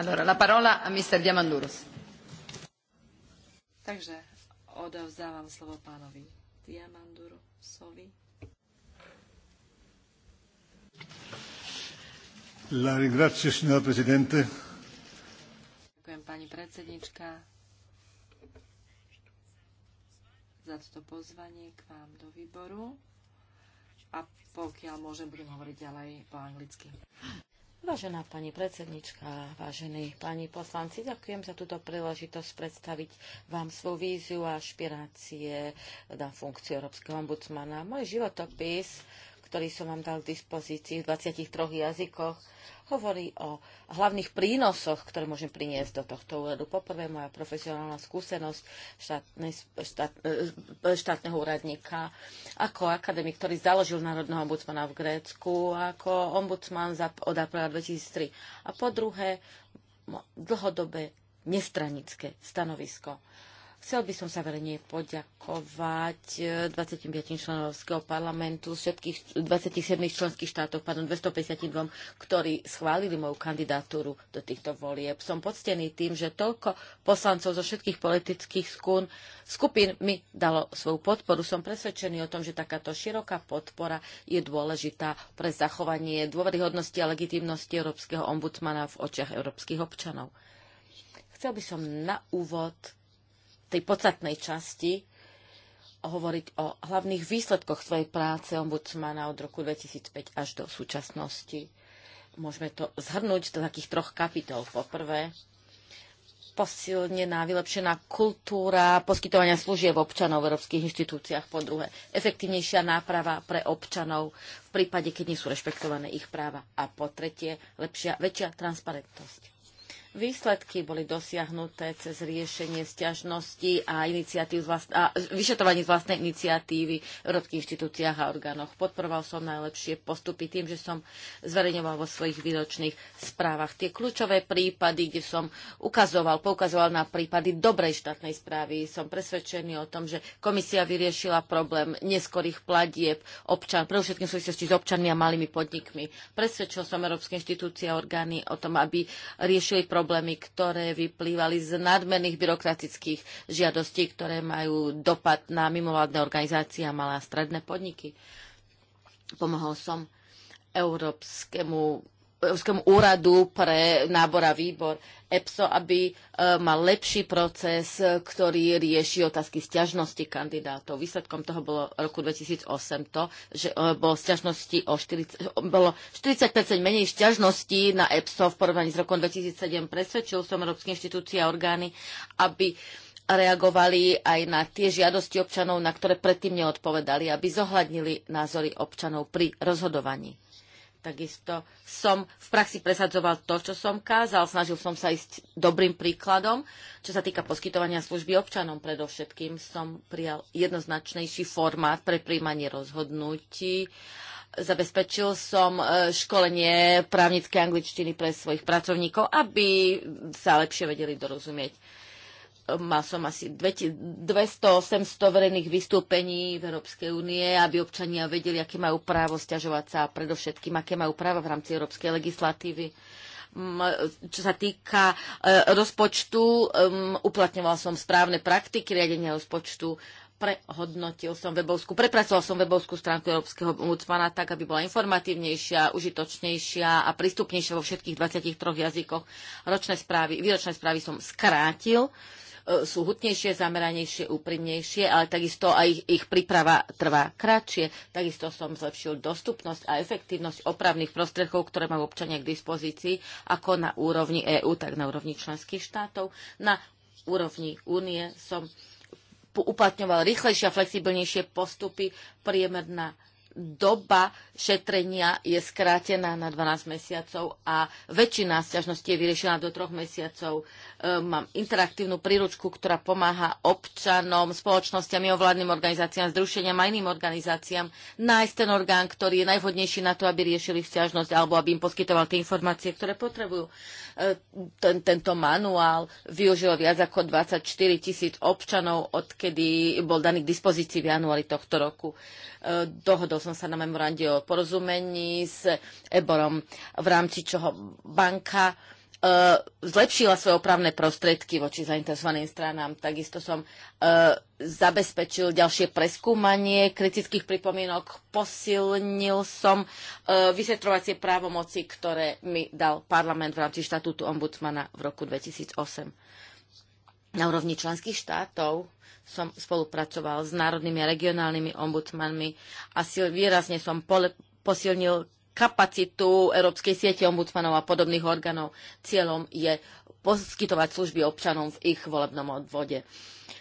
Takže odovzdávam slovo pánovi Diamandurosovi. La ringrazio, signora Presidente. Ďakujem, pani predsednička, za toto pozvanie k vám do výboru. A pokiaľ môžem, budem hovoriť ďalej po anglicky. Vážená pani predsednička, vážení pani poslanci, ďakujem za túto príležitosť predstaviť vám svoju víziu a špirácie na funkciu Európskeho ombudsmana. Môj životopis ktorý som vám dal k dispozícii v 23 jazykoch, hovorí o hlavných prínosoch, ktoré môžem priniesť do tohto úradu. Poprvé, moja profesionálna skúsenosť štátnej, štát, e, štátneho úradníka ako akademik, ktorý založil Národného ombudsmana v Grécku, ako ombudsman za, od apríla 2003. A po druhé, dlhodobé nestranické stanovisko Chcel by som sa verejne poďakovať 25 e, členovského parlamentu z všetkých 27 členských štátov, pardon, 252, ktorí schválili moju kandidatúru do týchto volieb. Som poctený tým, že toľko poslancov zo všetkých politických skún, skupín mi dalo svoju podporu. Som presvedčený o tom, že takáto široká podpora je dôležitá pre zachovanie dôveryhodnosti a legitimnosti európskeho ombudsmana v očiach európskych občanov. Chcel by som na úvod tej podstatnej časti hovoriť o hlavných výsledkoch svojej práce ombudsmana od roku 2005 až do súčasnosti. Môžeme to zhrnúť do takých troch kapitol. Po prvé, posilnená, vylepšená kultúra poskytovania služieb občanov v európskych inštitúciách. Po druhé, efektívnejšia náprava pre občanov v prípade, keď nie sú rešpektované ich práva. A po tretie, lepšia, väčšia transparentnosť. Výsledky boli dosiahnuté cez riešenie sťažností a, iniciatív z vlast- a vyšetrovaní z vlastnej iniciatívy v európskych inštitúciách a orgánoch. Podporoval som najlepšie postupy tým, že som zverejňoval vo svojich výročných správach tie kľúčové prípady, kde som ukazoval, poukazoval na prípady dobrej štátnej správy. Som presvedčený o tom, že komisia vyriešila problém neskorých platieb občan, pre všetkým súvislosti s občanmi a malými podnikmi. Presvedčil som európske inštitúcie a orgány o tom, aby riešili problém problémy, ktoré vyplývali z nadmerných byrokratických žiadostí, ktoré majú dopad na mimovládne organizácie a malé a stredné podniky. Pomohol som Európskemu Európskemu úradu pre nábor a výbor EPSO, aby e, mal lepší proces, ktorý rieši otázky sťažnosti kandidátov. Výsledkom toho bolo roku 2008 to, že e, bolo, sťažnosti o 40, bolo 40 menej sťažností na EPSO v porovnaní s rokom 2007. Presvedčil som Európske inštitúcie a orgány, aby reagovali aj na tie žiadosti občanov, na ktoré predtým neodpovedali, aby zohľadnili názory občanov pri rozhodovaní. Takisto som v praxi presadzoval to, čo som kázal. Snažil som sa ísť dobrým príkladom. Čo sa týka poskytovania služby občanom, predovšetkým som prijal jednoznačnejší formát pre príjmanie rozhodnutí. Zabezpečil som e, školenie právnickej angličtiny pre svojich pracovníkov, aby sa lepšie vedeli dorozumieť mal som asi 200-800 verejných vystúpení v Európskej únie, aby občania vedeli, aké majú právo stiažovať sa a predovšetkým, aké majú práva v rámci európskej legislatívy. Čo sa týka e, rozpočtu, uplatňoval som správne praktiky riadenia rozpočtu, prehodnotil som webovskú, prepracoval som webovskú stránku Európskeho ombudsmana tak, aby bola informatívnejšia, užitočnejšia a prístupnejšia vo všetkých 23 jazykoch. Ročné správy, výročné správy som skrátil. Uh, E, sú hutnejšie, zameranejšie, úprimnejšie, ale takisto aj ich, ich príprava trvá kratšie. Takisto som zlepšil dostupnosť a efektívnosť opravných prostriedkov, ktoré majú občania k dispozícii, ako na úrovni EÚ, tak na úrovni členských štátov. Na úrovni únie som uplatňoval rýchlejšie a flexibilnejšie postupy. Priemerná doba šetrenia je skrátená na 12 mesiacov a väčšina sťažností je vyriešená do 3 mesiacov. E, mám interaktívnu príručku, ktorá pomáha občanom, spoločnosťam, mimovládnym organizáciám, združeniam a iným organizáciám nájsť ten orgán, ktorý je najvhodnejší na to, aby riešili sťažnosť alebo aby im poskytoval tie informácie, ktoré potrebujú. E, ten, tento manuál využilo viac ako 24 tisíc občanov, odkedy bol daný k dispozícii v januári tohto roku. E, dohodol som som sa na memorande o porozumení s Eborom, v rámci čoho banka e, zlepšila svoje opravné prostriedky voči zainteresovaným stranám. Takisto som e, zabezpečil ďalšie preskúmanie kritických pripomienok, posilnil som e, vyšetrovacie právomoci, ktoré mi dal parlament v rámci štatútu ombudsmana v roku 2008. Na úrovni členských štátov som spolupracoval s národnými a regionálnymi ombudsmanmi a výrazne som pole, posilnil kapacitu Európskej siete ombudsmanov a podobných orgánov. Cieľom je poskytovať služby občanom v ich volebnom odvode.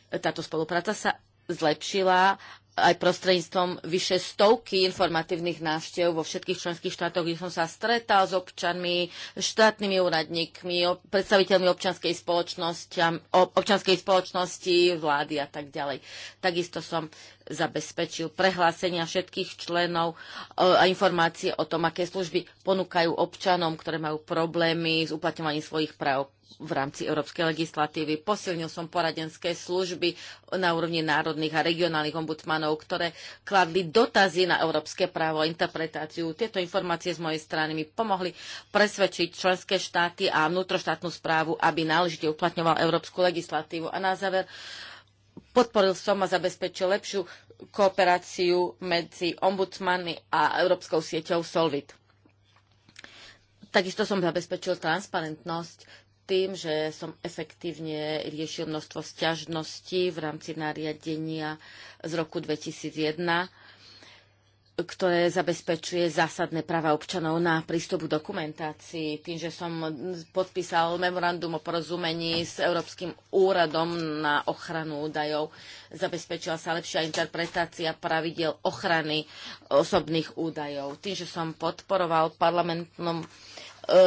Táto spolupráca sa zlepšila aj prostredníctvom vyše stovky informatívnych návštev vo všetkých členských štátoch, kde som sa stretal s občanmi, štátnymi úradníkmi, predstaviteľmi občanskej spoločnosti, občanskej spoločnosti, vlády a tak ďalej. Takisto som zabezpečil prehlásenia všetkých členov e, a informácie o tom, aké služby ponúkajú občanom, ktoré majú problémy s uplatňovaním svojich práv v rámci európskej legislatívy. Posilnil som poradenské služby na úrovni národných a regionálnych ombudsmanov, ktoré kladli dotazy na európske právo a interpretáciu. Tieto informácie z mojej strany mi pomohli presvedčiť členské štáty a vnútroštátnu správu, aby náležite uplatňoval európsku legislatívu. A na záver podporil som a zabezpečil lepšiu kooperáciu medzi ombudsmanmi a Európskou sieťou Solvit. Takisto som zabezpečil transparentnosť tým, že som efektívne riešil množstvo sťažností v rámci nariadenia z roku 2001 ktoré zabezpečuje zásadné práva občanov na prístup k dokumentácii. Tým, že som podpísal memorandum o porozumení s Európskym úradom na ochranu údajov, zabezpečila sa lepšia interpretácia pravidel ochrany osobných údajov. Tým, že som podporoval parlamentnom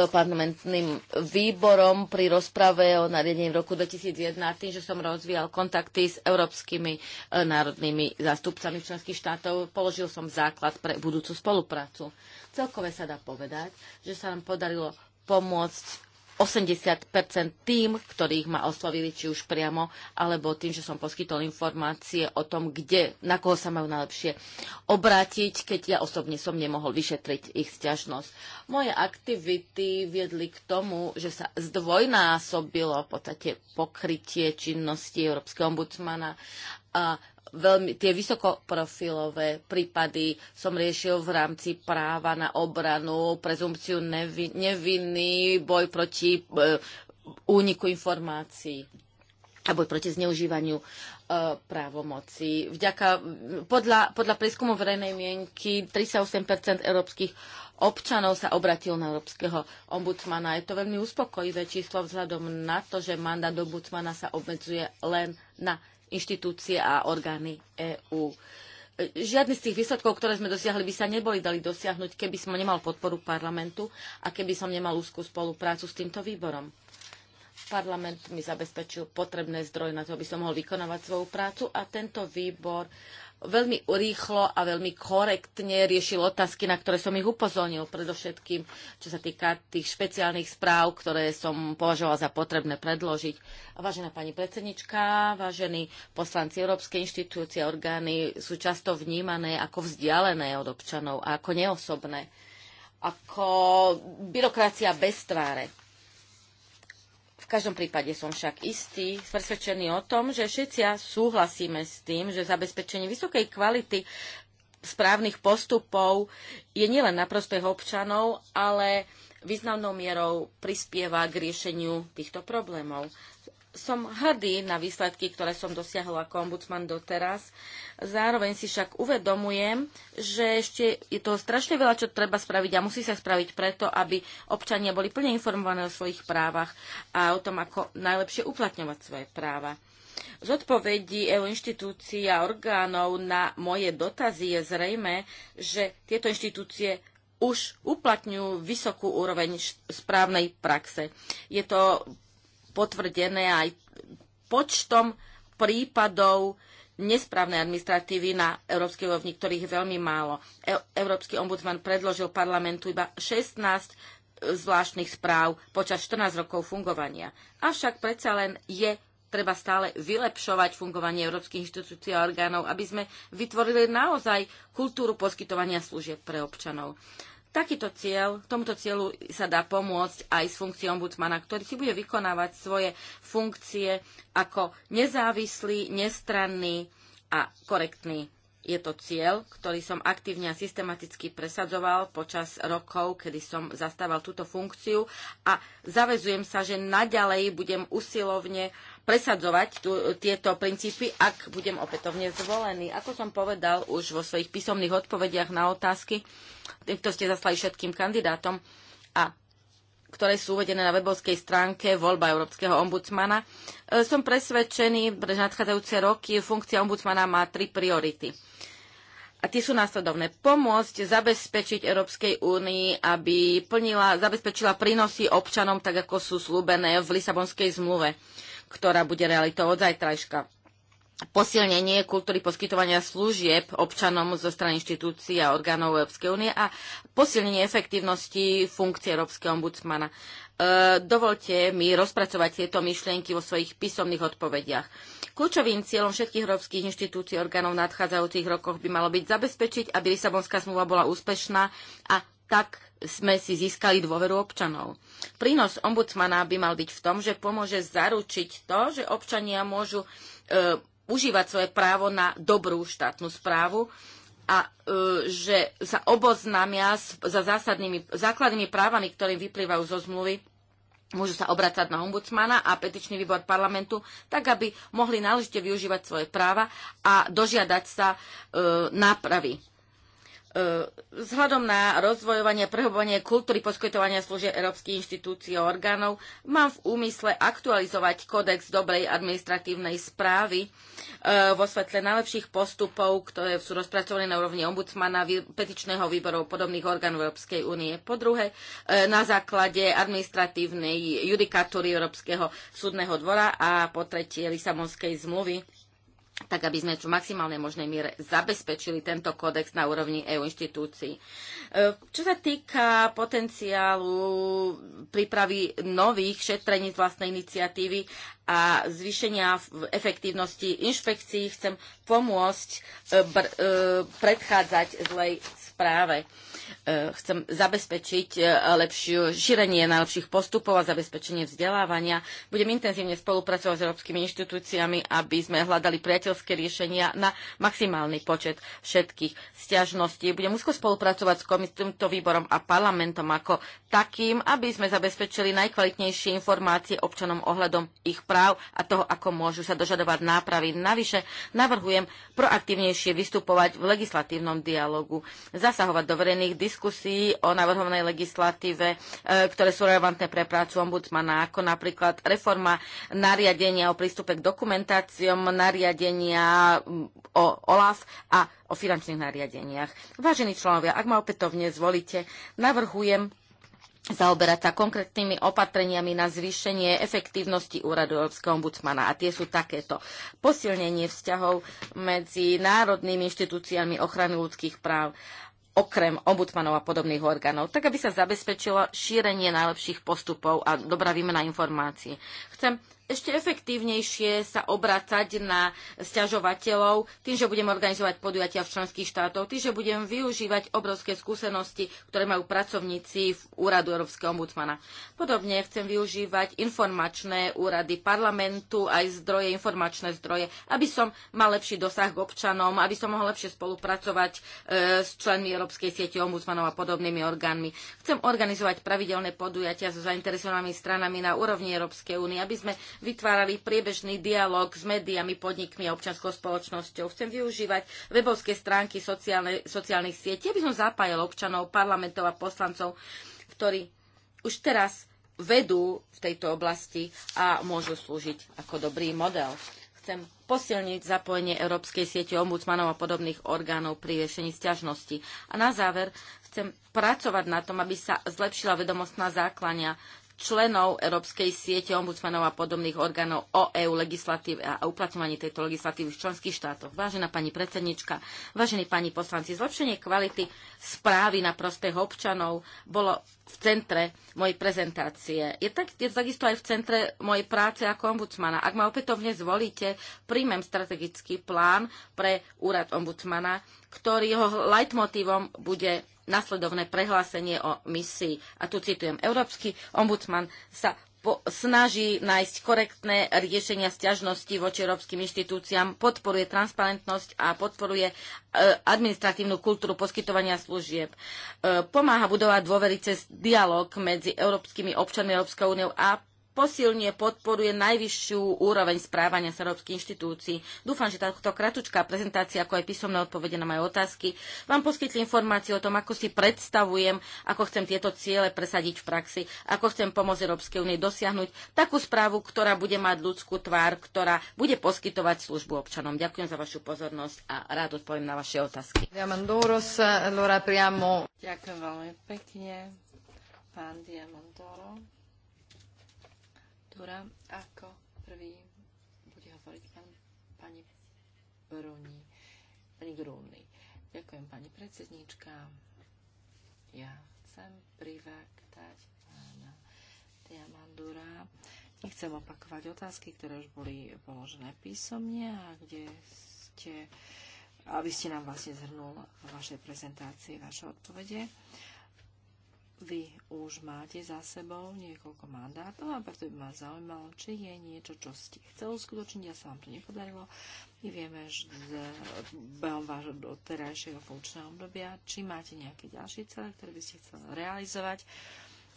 parlamentným výborom pri rozprave o nariadení v roku 2001 tým, že som rozvíjal kontakty s európskymi e, národnými zástupcami členských štátov. Položil som základ pre budúcu spoluprácu. Celkové sa dá povedať, že sa nám podarilo pomôcť 80 tým, ktorých ma oslovili, či už priamo, alebo tým, že som poskytol informácie o tom, kde, na koho sa majú najlepšie obrátiť, keď ja osobne som nemohol vyšetriť ich stiažnosť. Moje aktivity viedli k tomu, že sa zdvojnásobilo v podstate pokrytie činnosti Európskeho ombudsmana a veľmi, tie vysokoprofilové prípady som riešil v rámci práva na obranu, prezumpciu nevi, nevinný, boj proti e, úniku informácií a boj proti zneužívaniu e, právomoci. Vďaka, podľa, podľa prieskumu verejnej mienky 38 európskych občanov sa obratil na európskeho ombudsmana. Je to veľmi uspokojivé číslo vzhľadom na to, že mandát ombudsmana sa obmedzuje len na inštitúcie a orgány EÚ. Žiadny z tých výsledkov, ktoré sme dosiahli, by sa neboli dali dosiahnuť, keby som nemal podporu parlamentu a keby som nemal úzkú spoluprácu s týmto výborom. Parlament mi zabezpečil potrebné zdroje na to, aby som mohol vykonávať svoju prácu a tento výbor veľmi rýchlo a veľmi korektne riešil otázky, na ktoré som ich upozornil, predovšetkým čo sa týka tých špeciálnych správ, ktoré som považoval za potrebné predložiť. vážená pani predsednička, vážení poslanci Európskej inštitúcie a orgány sú často vnímané ako vzdialené od občanov a ako neosobné, ako byrokracia bez tváre v každom prípade som však istý, presvedčený o tom, že všetci súhlasíme s tým, že zabezpečenie vysokej kvality správnych postupov je nielen na prospech občanov, ale významnou mierou prispieva k riešeniu týchto problémov som hrdý na výsledky, ktoré som dosiahol ako ombudsman doteraz. Zároveň si však uvedomujem, že ešte je toho strašne veľa, čo treba spraviť a musí sa spraviť preto, aby občania boli plne informovaní o svojich právach a o tom, ako najlepšie uplatňovať svoje práva. Z odpovedí EU inštitúcií a orgánov na moje dotazy je zrejme, že tieto inštitúcie už uplatňujú vysokú úroveň správnej praxe. Je to potvrdené aj počtom prípadov nesprávnej administratívy na európskej úrovni, ktorých je veľmi málo. E- Európsky ombudsman predložil parlamentu iba 16 zvláštnych správ počas 14 rokov fungovania. Avšak predsa len je treba stále vylepšovať fungovanie európskych inštitúcií a orgánov, aby sme vytvorili naozaj kultúru poskytovania služieb pre občanov. Takýto cieľ, tomuto cieľu sa dá pomôcť aj s funkciou ombudsmana, ktorý si bude vykonávať svoje funkcie ako nezávislý, nestranný a korektný je to cieľ, ktorý som aktívne a systematicky presadzoval počas rokov, kedy som zastával túto funkciu a zavezujem sa, že naďalej budem usilovne presadzovať tu, tieto princípy, ak budem opätovne zvolený. Ako som povedal už vo svojich písomných odpovediach na otázky, to ste zaslali všetkým kandidátom a ktoré sú uvedené na webovskej stránke voľba Európskeho ombudsmana. E, som presvedčený, že nadchádzajúce roky funkcia ombudsmana má tri priority. A tie sú následovné. Pomôcť zabezpečiť Európskej únii, aby plnila, zabezpečila prínosy občanom, tak ako sú slúbené v Lisabonskej zmluve, ktorá bude realitou od zajtrajška posilnenie kultúry poskytovania služieb občanom zo strany inštitúcií a orgánov Európskej únie a posilnenie efektívnosti funkcie Európskeho ombudsmana. E, dovolte mi rozpracovať tieto myšlienky vo svojich písomných odpovediach. Kľúčovým cieľom všetkých európskych inštitúcií orgánov v nadchádzajúcich rokoch by malo byť zabezpečiť, aby Lisabonská zmluva bola úspešná a tak sme si získali dôveru občanov. Prínos ombudsmana by mal byť v tom, že pomôže zaručiť to, že občania môžu e, užívať svoje právo na dobrú štátnu správu a e, že sa oboznámia za zásadnými, základnými právami, ktorým vyplývajú zo zmluvy, môžu sa obracať na ombudsmana a petičný výbor parlamentu, tak aby mohli náležite využívať svoje práva a dožiadať sa e, nápravy E, vzhľadom na rozvojovanie, prehobovanie kultúry poskytovania služieb európskych inštitúcií a orgánov mám v úmysle aktualizovať kódex dobrej administratívnej správy e, vo svetle najlepších postupov, ktoré sú rozpracované na úrovni ombudsmana, petičného výboru podobných orgánov Európskej únie. Po druhé, e, na základe administratívnej judikatúry Európskeho súdneho dvora a po tretie Lisabonskej zmluvy tak aby sme čo maximálnej možnej miere zabezpečili tento kódex na úrovni EU inštitúcií. E, čo sa týka potenciálu prípravy nových šetrení z vlastnej iniciatívy a zvýšenia efektívnosti inšpekcií, chcem pomôcť e, e, predchádzať zlej správe. E, chcem zabezpečiť e, lepšiu šírenie najlepších postupov a zabezpečenie vzdelávania. Budem intenzívne spolupracovať s európskymi inštitúciami, aby sme hľadali priateľské riešenia na maximálny počet všetkých stiažností. Budem úzko spolupracovať s týmto výborom a parlamentom ako takým, aby sme zabezpečili najkvalitnejšie informácie občanom ohľadom ich práv a toho, ako môžu sa dožadovať nápravy. Navyše navrhujem proaktívnejšie vystupovať v legislatívnom dialogu, zasahovať do verejných diskusí diskusii o navrhovanej legislatíve, e, ktoré sú relevantné pre prácu ombudsmana, ako napríklad reforma nariadenia o prístupe k dokumentáciom, nariadenia o OLAF a o finančných nariadeniach. Vážení členovia, ak ma opätovne zvolíte, navrhujem zaoberať sa konkrétnymi opatreniami na zvýšenie efektívnosti úradu Európskeho ombudsmana. A tie sú takéto. Posilnenie vzťahov medzi národnými inštitúciami ochrany ľudských práv okrem ombudsmanov a podobných orgánov, tak aby sa zabezpečilo šírenie najlepších postupov a dobrá výmena informácií. Chcem ešte efektívnejšie sa obracať na sťažovateľov, tým, že budem organizovať podujatia v členských štátoch, tým, že budem využívať obrovské skúsenosti, ktoré majú pracovníci v úradu Európskeho ombudsmana. Podobne chcem využívať informačné úrady parlamentu, aj zdroje, informačné zdroje, aby som mal lepší dosah k občanom, aby som mohol lepšie spolupracovať e, s členmi Európskej siete ombudsmanov a podobnými orgánmi. Chcem organizovať pravidelné podujatia so zainteresovanými stranami na úrovni Európskej únie, aby sme vytvárali priebežný dialog s médiami, podnikmi a občianskou spoločnosťou. Chcem využívať webovské stránky sociálne, sociálnych sietí, aby som zapájal občanov, parlamentov a poslancov, ktorí už teraz vedú v tejto oblasti a môžu slúžiť ako dobrý model. Chcem posilniť zapojenie Európskej siete ombudsmanov a podobných orgánov pri riešení sťažnosti. A na záver chcem pracovať na tom, aby sa zlepšila vedomostná základňa členov Európskej siete ombudsmanov a podobných orgánov o EU legislatíve a uplatňovaní tejto legislatívy v členských štátoch. Vážená pani predsednička, vážení pani poslanci, zlepšenie kvality správy na prospech občanov bolo v centre mojej prezentácie. Je, tak, je takisto aj v centre mojej práce ako ombudsmana. Ak ma opätovne zvolíte, príjmem strategický plán pre úrad ombudsmana ktorýho leitmotívom bude nasledovné prehlásenie o misii. A tu citujem, Európsky ombudsman sa po, snaží nájsť korektné riešenia sťažnosti voči európskym inštitúciám, podporuje transparentnosť a podporuje e, administratívnu kultúru poskytovania služieb. E, pomáha budovať dôvery cez dialog medzi európskymi občanmi Európskej únie a posilne podporuje najvyššiu úroveň správania sa európskych inštitúcií. Dúfam, že táto kratučká prezentácia, ako aj písomné odpovede na moje otázky, vám poskytli informáciu o tom, ako si predstavujem, ako chcem tieto ciele presadiť v praxi, ako chcem pomôcť Európskej únie dosiahnuť takú správu, ktorá bude mať ľudskú tvár, ktorá bude poskytovať službu občanom. Ďakujem za vašu pozornosť a rád odpoviem na vaše otázky. Ďakujem veľmi pekne, pán Diamandoro kultúra. Ako prvý bude hovoriť pán, pani Bruni, pani Grúny. Ďakujem, pani predsednička. Ja chcem privaktať pána Diamandura. Nechcem opakovať otázky, ktoré už boli položené písomne a kde ste, aby ste nám vlastne zhrnul vaše prezentácie, vaše odpovede vy už máte za sebou niekoľko mandátov a preto by ma zaujímalo, či je niečo, čo ste chceli uskutočniť a sa vám to nepodarilo. My vieme z vášho doterajšieho funkčného obdobia, či máte nejaké ďalšie cele, ktoré by ste chceli realizovať.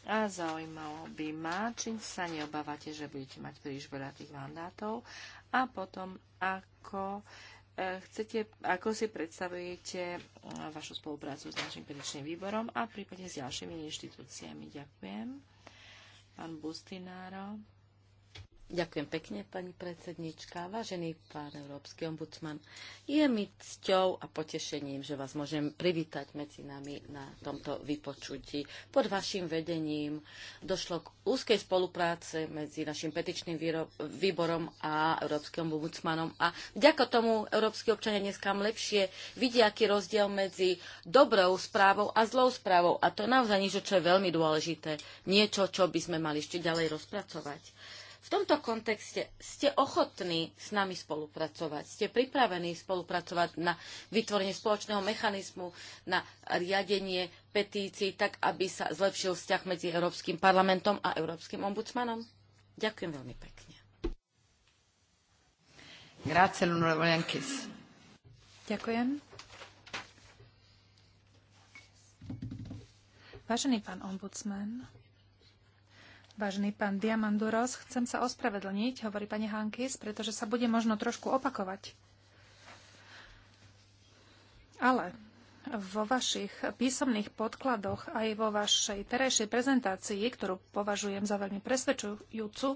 A zaujímalo by ma, či sa neobávate, že budete mať príliš veľa tých mandátov a potom ako chcete, ako si predstavujete eh, vašu spoluprácu s našim petičným výborom a prípadne s ďalšími inštitúciami. Ďakujem. Pán Bustináro. Ďakujem pekne, pani predsednička. Vážený pán Európsky ombudsman, je mi cťou a potešením, že vás môžem privítať medzi nami na tomto vypočutí. Pod vašim vedením došlo k úzkej spolupráce medzi našim petičným výborom a Európskym ombudsmanom a vďaka tomu európsky občania dneska lepšie vidia, aký rozdiel medzi dobrou správou a zlou správou. A to je naozaj niečo, čo je veľmi dôležité. Niečo, čo by sme mali ešte ďalej rozpracovať. V tomto kontexte ste ochotní s nami spolupracovať, ste pripravení spolupracovať na vytvorenie spoločného mechanizmu, na riadenie petícií, tak aby sa zlepšil vzťah medzi Európskym parlamentom a Európskym ombudsmanom? Ďakujem veľmi pekne. Grazie, Ďakujem. Vážený pán ombudsman, Vážený pán Diamanduros, chcem sa ospravedlniť, hovorí pani Hankis, pretože sa bude možno trošku opakovať. Ale vo vašich písomných podkladoch aj vo vašej terajšej prezentácii, ktorú považujem za veľmi presvedčujúcu,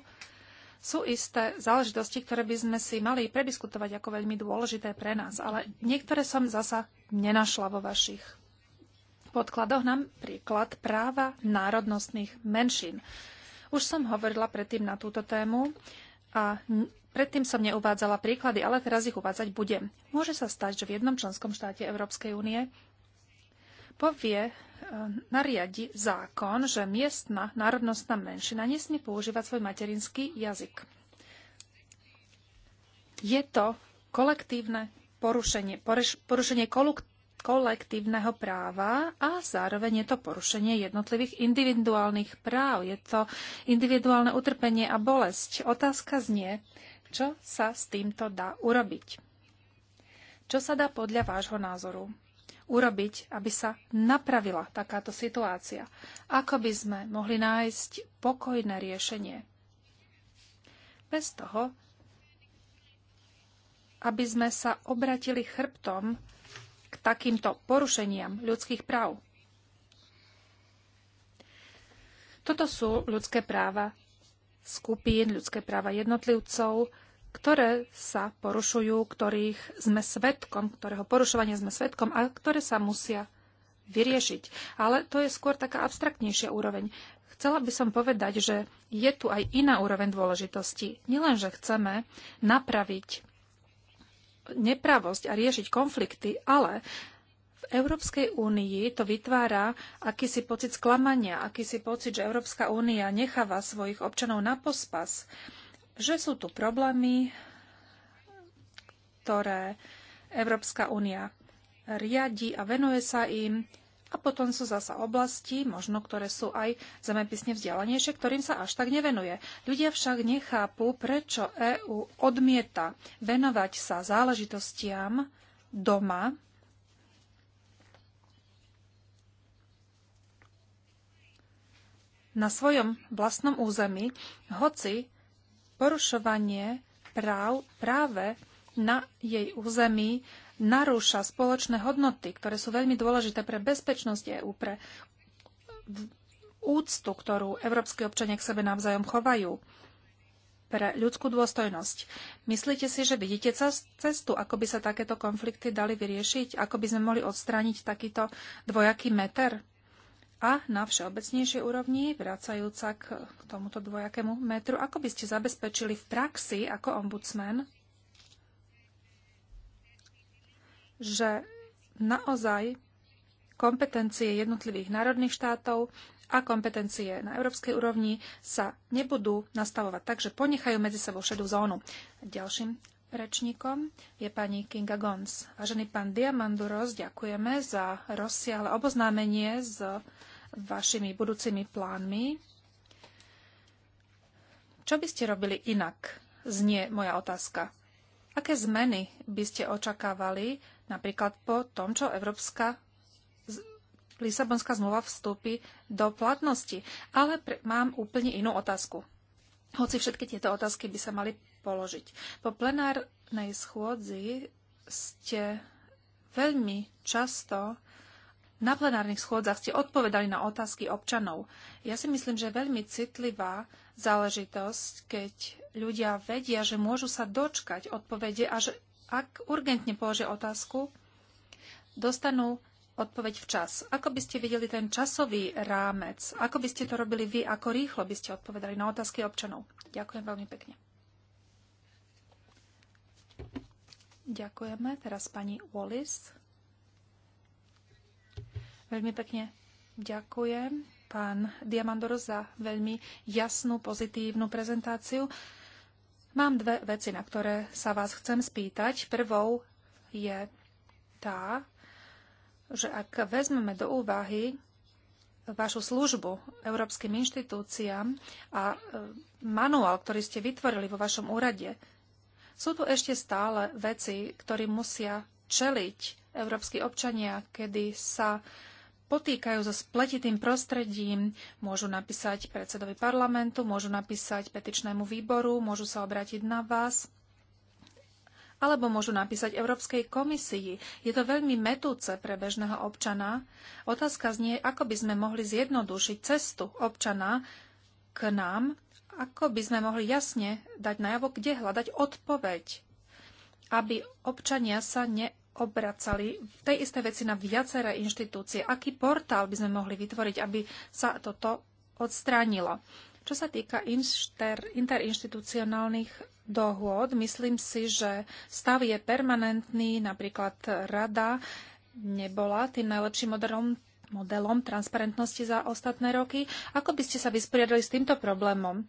sú isté záležitosti, ktoré by sme si mali prediskutovať ako veľmi dôležité pre nás, ale niektoré som zasa nenašla vo vašich podkladoch, napríklad práva národnostných menšín. Už som hovorila predtým na túto tému a predtým som neuvádzala príklady, ale teraz ich uvádzať budem. Môže sa stať, že v jednom členskom štáte Európskej únie povie, e, nariadi zákon, že miestna národnostná menšina nesmie používať svoj materinský jazyk. Je to kolektívne porušenie, porušenie kolektívneho práva a zároveň je to porušenie jednotlivých individuálnych práv. Je to individuálne utrpenie a bolesť. Otázka znie, čo sa s týmto dá urobiť. Čo sa dá podľa vášho názoru urobiť, aby sa napravila takáto situácia? Ako by sme mohli nájsť pokojné riešenie? Bez toho, aby sme sa obratili chrbtom k takýmto porušeniam ľudských práv. Toto sú ľudské práva skupín, ľudské práva jednotlivcov, ktoré sa porušujú, ktorých sme svetkom, ktorého porušovania sme svetkom a ktoré sa musia vyriešiť. Ale to je skôr taká abstraktnejšia úroveň. Chcela by som povedať, že je tu aj iná úroveň dôležitosti. Nielen, že chceme napraviť nepravosť a riešiť konflikty, ale v Európskej únii to vytvára akýsi pocit sklamania, akýsi pocit, že Európska únia necháva svojich občanov na pospas, že sú tu problémy, ktoré Európska únia riadi a venuje sa im, a potom sú zasa oblasti, možno ktoré sú aj zemepisne vzdialenejšie, ktorým sa až tak nevenuje. Ľudia však nechápu, prečo EÚ odmieta venovať sa záležitostiam doma, na svojom vlastnom území, hoci porušovanie práv práve na jej území narúša spoločné hodnoty, ktoré sú veľmi dôležité pre bezpečnosť EÚ, pre úctu, ktorú európsky občania k sebe navzájom chovajú, pre ľudskú dôstojnosť. Myslíte si, že vidíte cestu, ako by sa takéto konflikty dali vyriešiť, ako by sme mohli odstrániť takýto dvojaký meter? A na všeobecnejšej úrovni, vracajúca k tomuto dvojakému metru, ako by ste zabezpečili v praxi ako ombudsman že naozaj kompetencie jednotlivých národných štátov a kompetencie na európskej úrovni sa nebudú nastavovať tak, že ponechajú medzi sebou šedú zónu. Ďalším rečníkom je pani Kinga Gons. Vážený pán Diamanduros, ďakujeme za rozsiahle oboznámenie s vašimi budúcimi plánmi. Čo by ste robili inak? Znie moja otázka. Aké zmeny by ste očakávali Napríklad po tom, čo Európska Lisabonská zmluva vstúpi do platnosti. Ale pre, mám úplne inú otázku. Hoci všetky tieto otázky by sa mali položiť. Po plenárnej schôdzi ste veľmi často na plenárnych schôdzach ste odpovedali na otázky občanov. Ja si myslím, že veľmi citlivá záležitosť, keď ľudia vedia, že môžu sa dočkať odpovede a že ak urgentne položia otázku, dostanú odpoveď včas. Ako by ste videli ten časový rámec? Ako by ste to robili vy? Ako rýchlo by ste odpovedali na otázky občanov? Ďakujem veľmi pekne. Ďakujeme. Teraz pani Wallis. Veľmi pekne ďakujem pán Diamandoro za veľmi jasnú, pozitívnu prezentáciu. Mám dve veci, na ktoré sa vás chcem spýtať. Prvou je tá, že ak vezmeme do úvahy vašu službu európskym inštitúciám a e, manuál, ktorý ste vytvorili vo vašom úrade, sú tu ešte stále veci, ktorým musia čeliť európsky občania, kedy sa potýkajú so spletitým prostredím, môžu napísať predsedovi parlamentu, môžu napísať petičnému výboru, môžu sa obrátiť na vás, alebo môžu napísať Európskej komisii. Je to veľmi metúce pre bežného občana. Otázka znie, ako by sme mohli zjednodušiť cestu občana k nám, ako by sme mohli jasne dať najavo, kde hľadať odpoveď, aby občania sa ne obracali tej isté veci na viaceré inštitúcie. Aký portál by sme mohli vytvoriť, aby sa toto odstránilo? Čo sa týka inšter, interinstitucionálnych dohôd, myslím si, že stav je permanentný, napríklad rada nebola tým najlepším modelom, modelom transparentnosti za ostatné roky. Ako by ste sa vysporiadali s týmto problémom?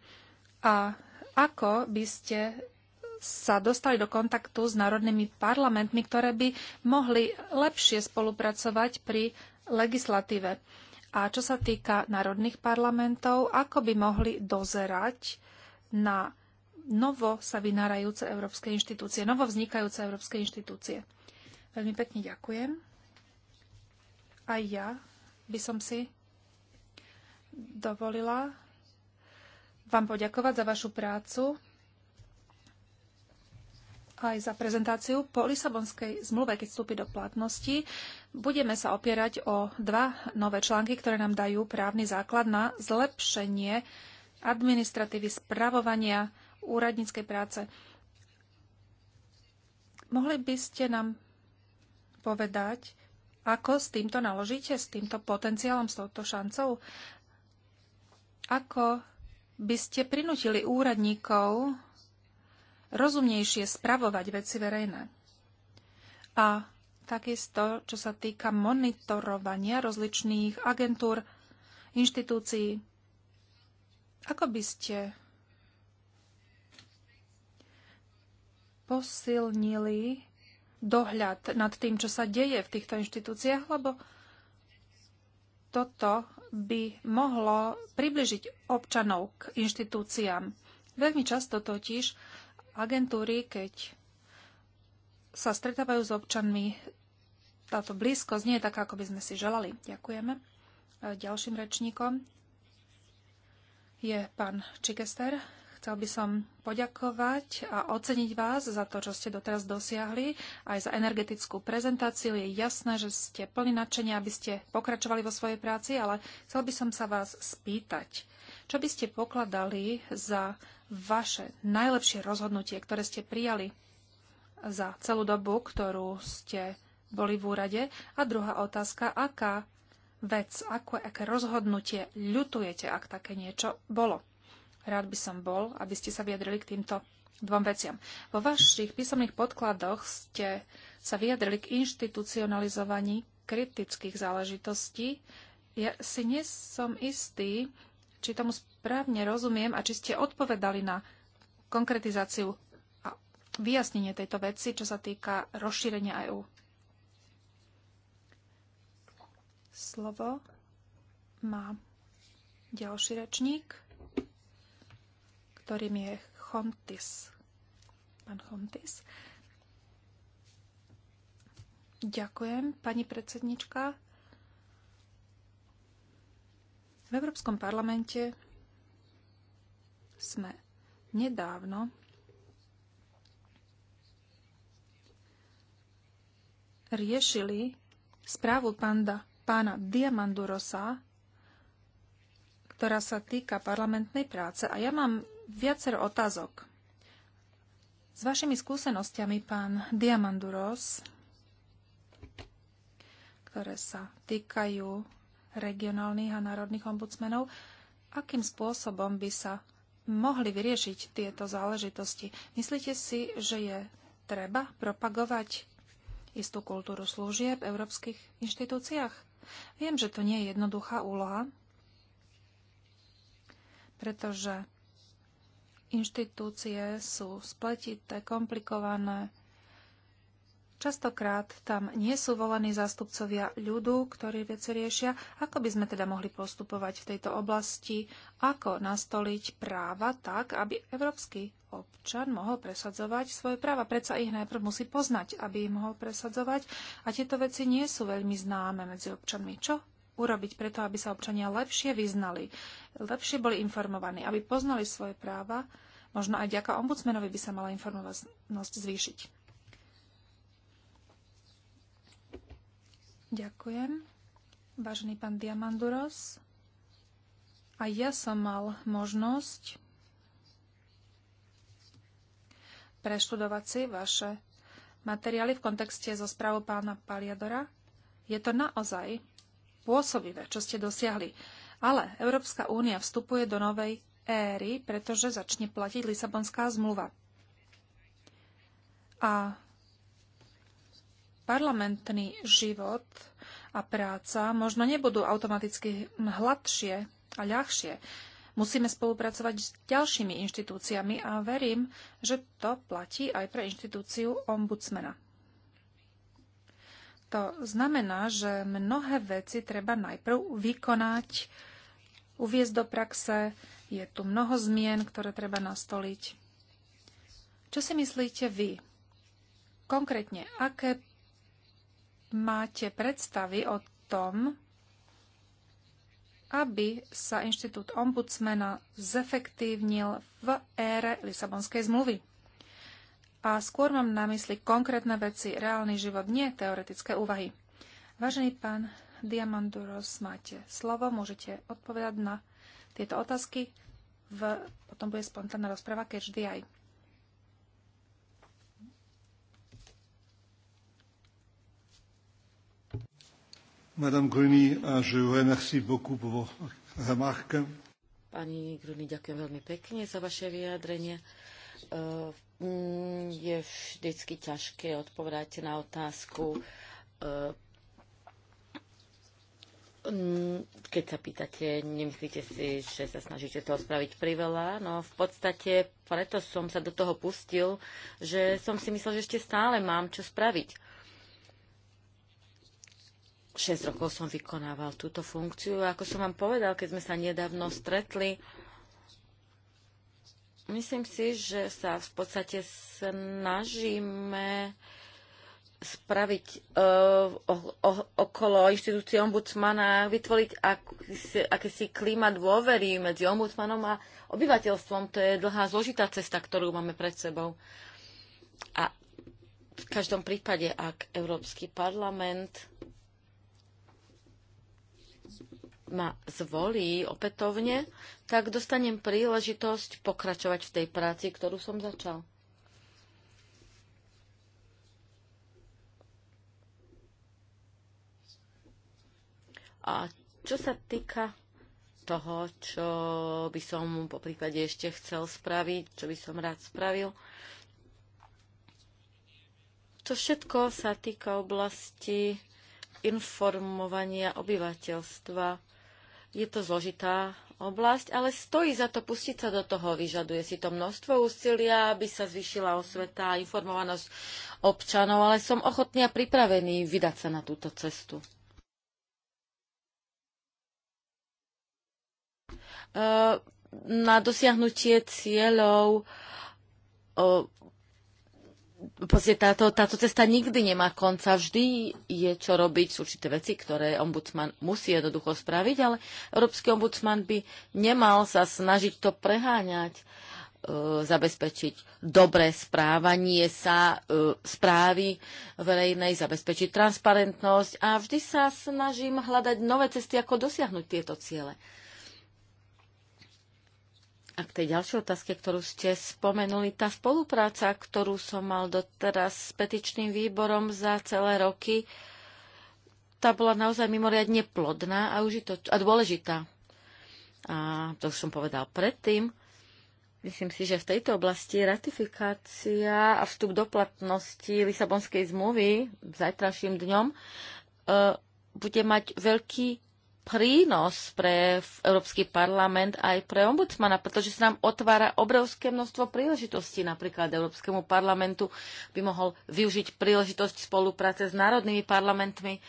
A ako by ste sa dostali do kontaktu s národnými parlamentmi, ktoré by mohli lepšie spolupracovať pri legislatíve. A čo sa týka národných parlamentov, ako by mohli dozerať na novo sa vynárajúce európske inštitúcie, novo vznikajúce európske inštitúcie. Veľmi pekne ďakujem. Aj ja by som si dovolila vám poďakovať za vašu prácu aj za prezentáciu. Po Lisabonskej zmluve, keď vstúpi do platnosti, budeme sa opierať o dva nové články, ktoré nám dajú právny základ na zlepšenie administratívy spravovania úradníckej práce. Mohli by ste nám povedať, ako s týmto naložíte, s týmto potenciálom, s touto šancou? Ako by ste prinútili úradníkov rozumnejšie spravovať veci verejné. A takisto, čo sa týka monitorovania rozličných agentúr, inštitúcií, ako by ste posilnili dohľad nad tým, čo sa deje v týchto inštitúciách, lebo toto by mohlo približiť občanov k inštitúciám. Veľmi často totiž agentúry, keď sa stretávajú s občanmi, táto blízkosť nie je taká, ako by sme si želali. Ďakujeme. Ďalším rečníkom je pán Čikester. Chcel by som poďakovať a oceniť vás za to, čo ste doteraz dosiahli, aj za energetickú prezentáciu. Je jasné, že ste plní nadšenia, aby ste pokračovali vo svojej práci, ale chcel by som sa vás spýtať, čo by ste pokladali za vaše najlepšie rozhodnutie, ktoré ste prijali za celú dobu, ktorú ste boli v úrade? A druhá otázka, aká vec, ako, aké rozhodnutie ľutujete, ak také niečo bolo? Rád by som bol, aby ste sa vyjadrili k týmto dvom veciam. Vo vašich písomných podkladoch ste sa vyjadrili k inštitucionalizovaní kritických záležitostí. Ja si nie som istý, či tomu správne rozumiem a či ste odpovedali na konkretizáciu a vyjasnenie tejto veci, čo sa týka rozšírenia EÚ. Slovo má ďalší rečník, ktorým je Chontis. Pán Chontis. Ďakujem, pani predsednička. V Európskom parlamente sme nedávno riešili správu panda, pána Diamandurosa, ktorá sa týka parlamentnej práce. A ja mám viacero otázok. S vašimi skúsenostiami, pán Diamanduros, ktoré sa týkajú regionálnych a národných ombudsmenov, akým spôsobom by sa mohli vyriešiť tieto záležitosti. Myslíte si, že je treba propagovať istú kultúru služieb v európskych inštitúciách? Viem, že to nie je jednoduchá úloha, pretože inštitúcie sú spletité, komplikované, Častokrát tam nie sú volení zástupcovia ľudu, ktorí veci riešia. Ako by sme teda mohli postupovať v tejto oblasti? Ako nastoliť práva tak, aby európsky občan mohol presadzovať svoje práva? Predsa ich najprv musí poznať, aby ich mohol presadzovať. A tieto veci nie sú veľmi známe medzi občanmi. Čo urobiť preto, aby sa občania lepšie vyznali, lepšie boli informovaní, aby poznali svoje práva? Možno aj ďaká ombudsmenovi by sa mala informovanosť zvýšiť. Ďakujem. Vážený pán Diamanduros, aj ja som mal možnosť preštudovať si vaše materiály v kontexte zo správu pána Paliadora. Je to naozaj pôsobivé, čo ste dosiahli. Ale Európska únia vstupuje do novej éry, pretože začne platiť Lisabonská zmluva. A parlamentný život a práca možno nebudú automaticky hladšie a ľahšie. Musíme spolupracovať s ďalšími inštitúciami a verím, že to platí aj pre inštitúciu ombudsmena. To znamená, že mnohé veci treba najprv vykonať, uviezť do praxe. Je tu mnoho zmien, ktoré treba nastoliť. Čo si myslíte vy? Konkrétne, aké máte predstavy o tom, aby sa inštitút ombudsmena zefektívnil v ére Lisabonskej zmluvy. A skôr mám na mysli konkrétne veci, reálny život, nie teoretické úvahy. Vážený pán Diamanduros, máte slovo, môžete odpovedať na tieto otázky. V, potom bude spontánna rozpráva, keď vždy aj. Madame Gruny, je vous remercie beaucoup pour vos remarques. Pani Gruny, ďakujem veľmi pekne za vaše vyjadrenie. E, mm, je vždycky ťažké odpovedať na otázku, e, mm, keď sa pýtate, nemyslíte si, že sa snažíte toho spraviť priveľa? No v podstate preto som sa do toho pustil, že som si myslel, že ešte stále mám čo spraviť 6 rokov som vykonával túto funkciu. A ako som vám povedal, keď sme sa nedávno stretli, myslím si, že sa v podstate snažíme spraviť uh, o, o, okolo inštitúcie ombudsmana, vytvoriť akýsi akýsi klíma dôvery medzi ombudsmanom a obyvateľstvom. To je dlhá, zložitá cesta, ktorú máme pred sebou. A v každom prípade, ak Európsky parlament ma zvolí opätovne, tak dostanem príležitosť pokračovať v tej práci, ktorú som začal. A čo sa týka toho, čo by som po prípade ešte chcel spraviť, čo by som rád spravil, to všetko sa týka oblasti informovania obyvateľstva je to zložitá oblasť, ale stojí za to pustiť sa do toho. Vyžaduje si to množstvo úsilia, aby sa zvyšila osveta a informovanosť občanov, ale som ochotný a pripravený vydať sa na túto cestu. E, na dosiahnutie cieľov proste táto, táto cesta nikdy nemá konca. Vždy je čo robiť, sú určité veci, ktoré ombudsman musí jednoducho spraviť, ale Európsky ombudsman by nemal sa snažiť to preháňať e, zabezpečiť dobré správanie sa e, správy verejnej, zabezpečiť transparentnosť a vždy sa snažím hľadať nové cesty, ako dosiahnuť tieto ciele. A k tej ďalšej otázke, ktorú ste spomenuli, tá spolupráca, ktorú som mal doteraz s petičným výborom za celé roky, tá bola naozaj mimoriadne plodná a, užitoč- a dôležitá. A to už som povedal predtým. Myslím si, že v tejto oblasti ratifikácia a vstup do platnosti Lisabonskej zmluvy zajtrajším dňom e, bude mať veľký prínos pre Európsky parlament aj pre ombudsmana, pretože sa nám otvára obrovské množstvo príležitostí. Napríklad Európskemu parlamentu by mohol využiť príležitosť spolupráce s národnými parlamentmi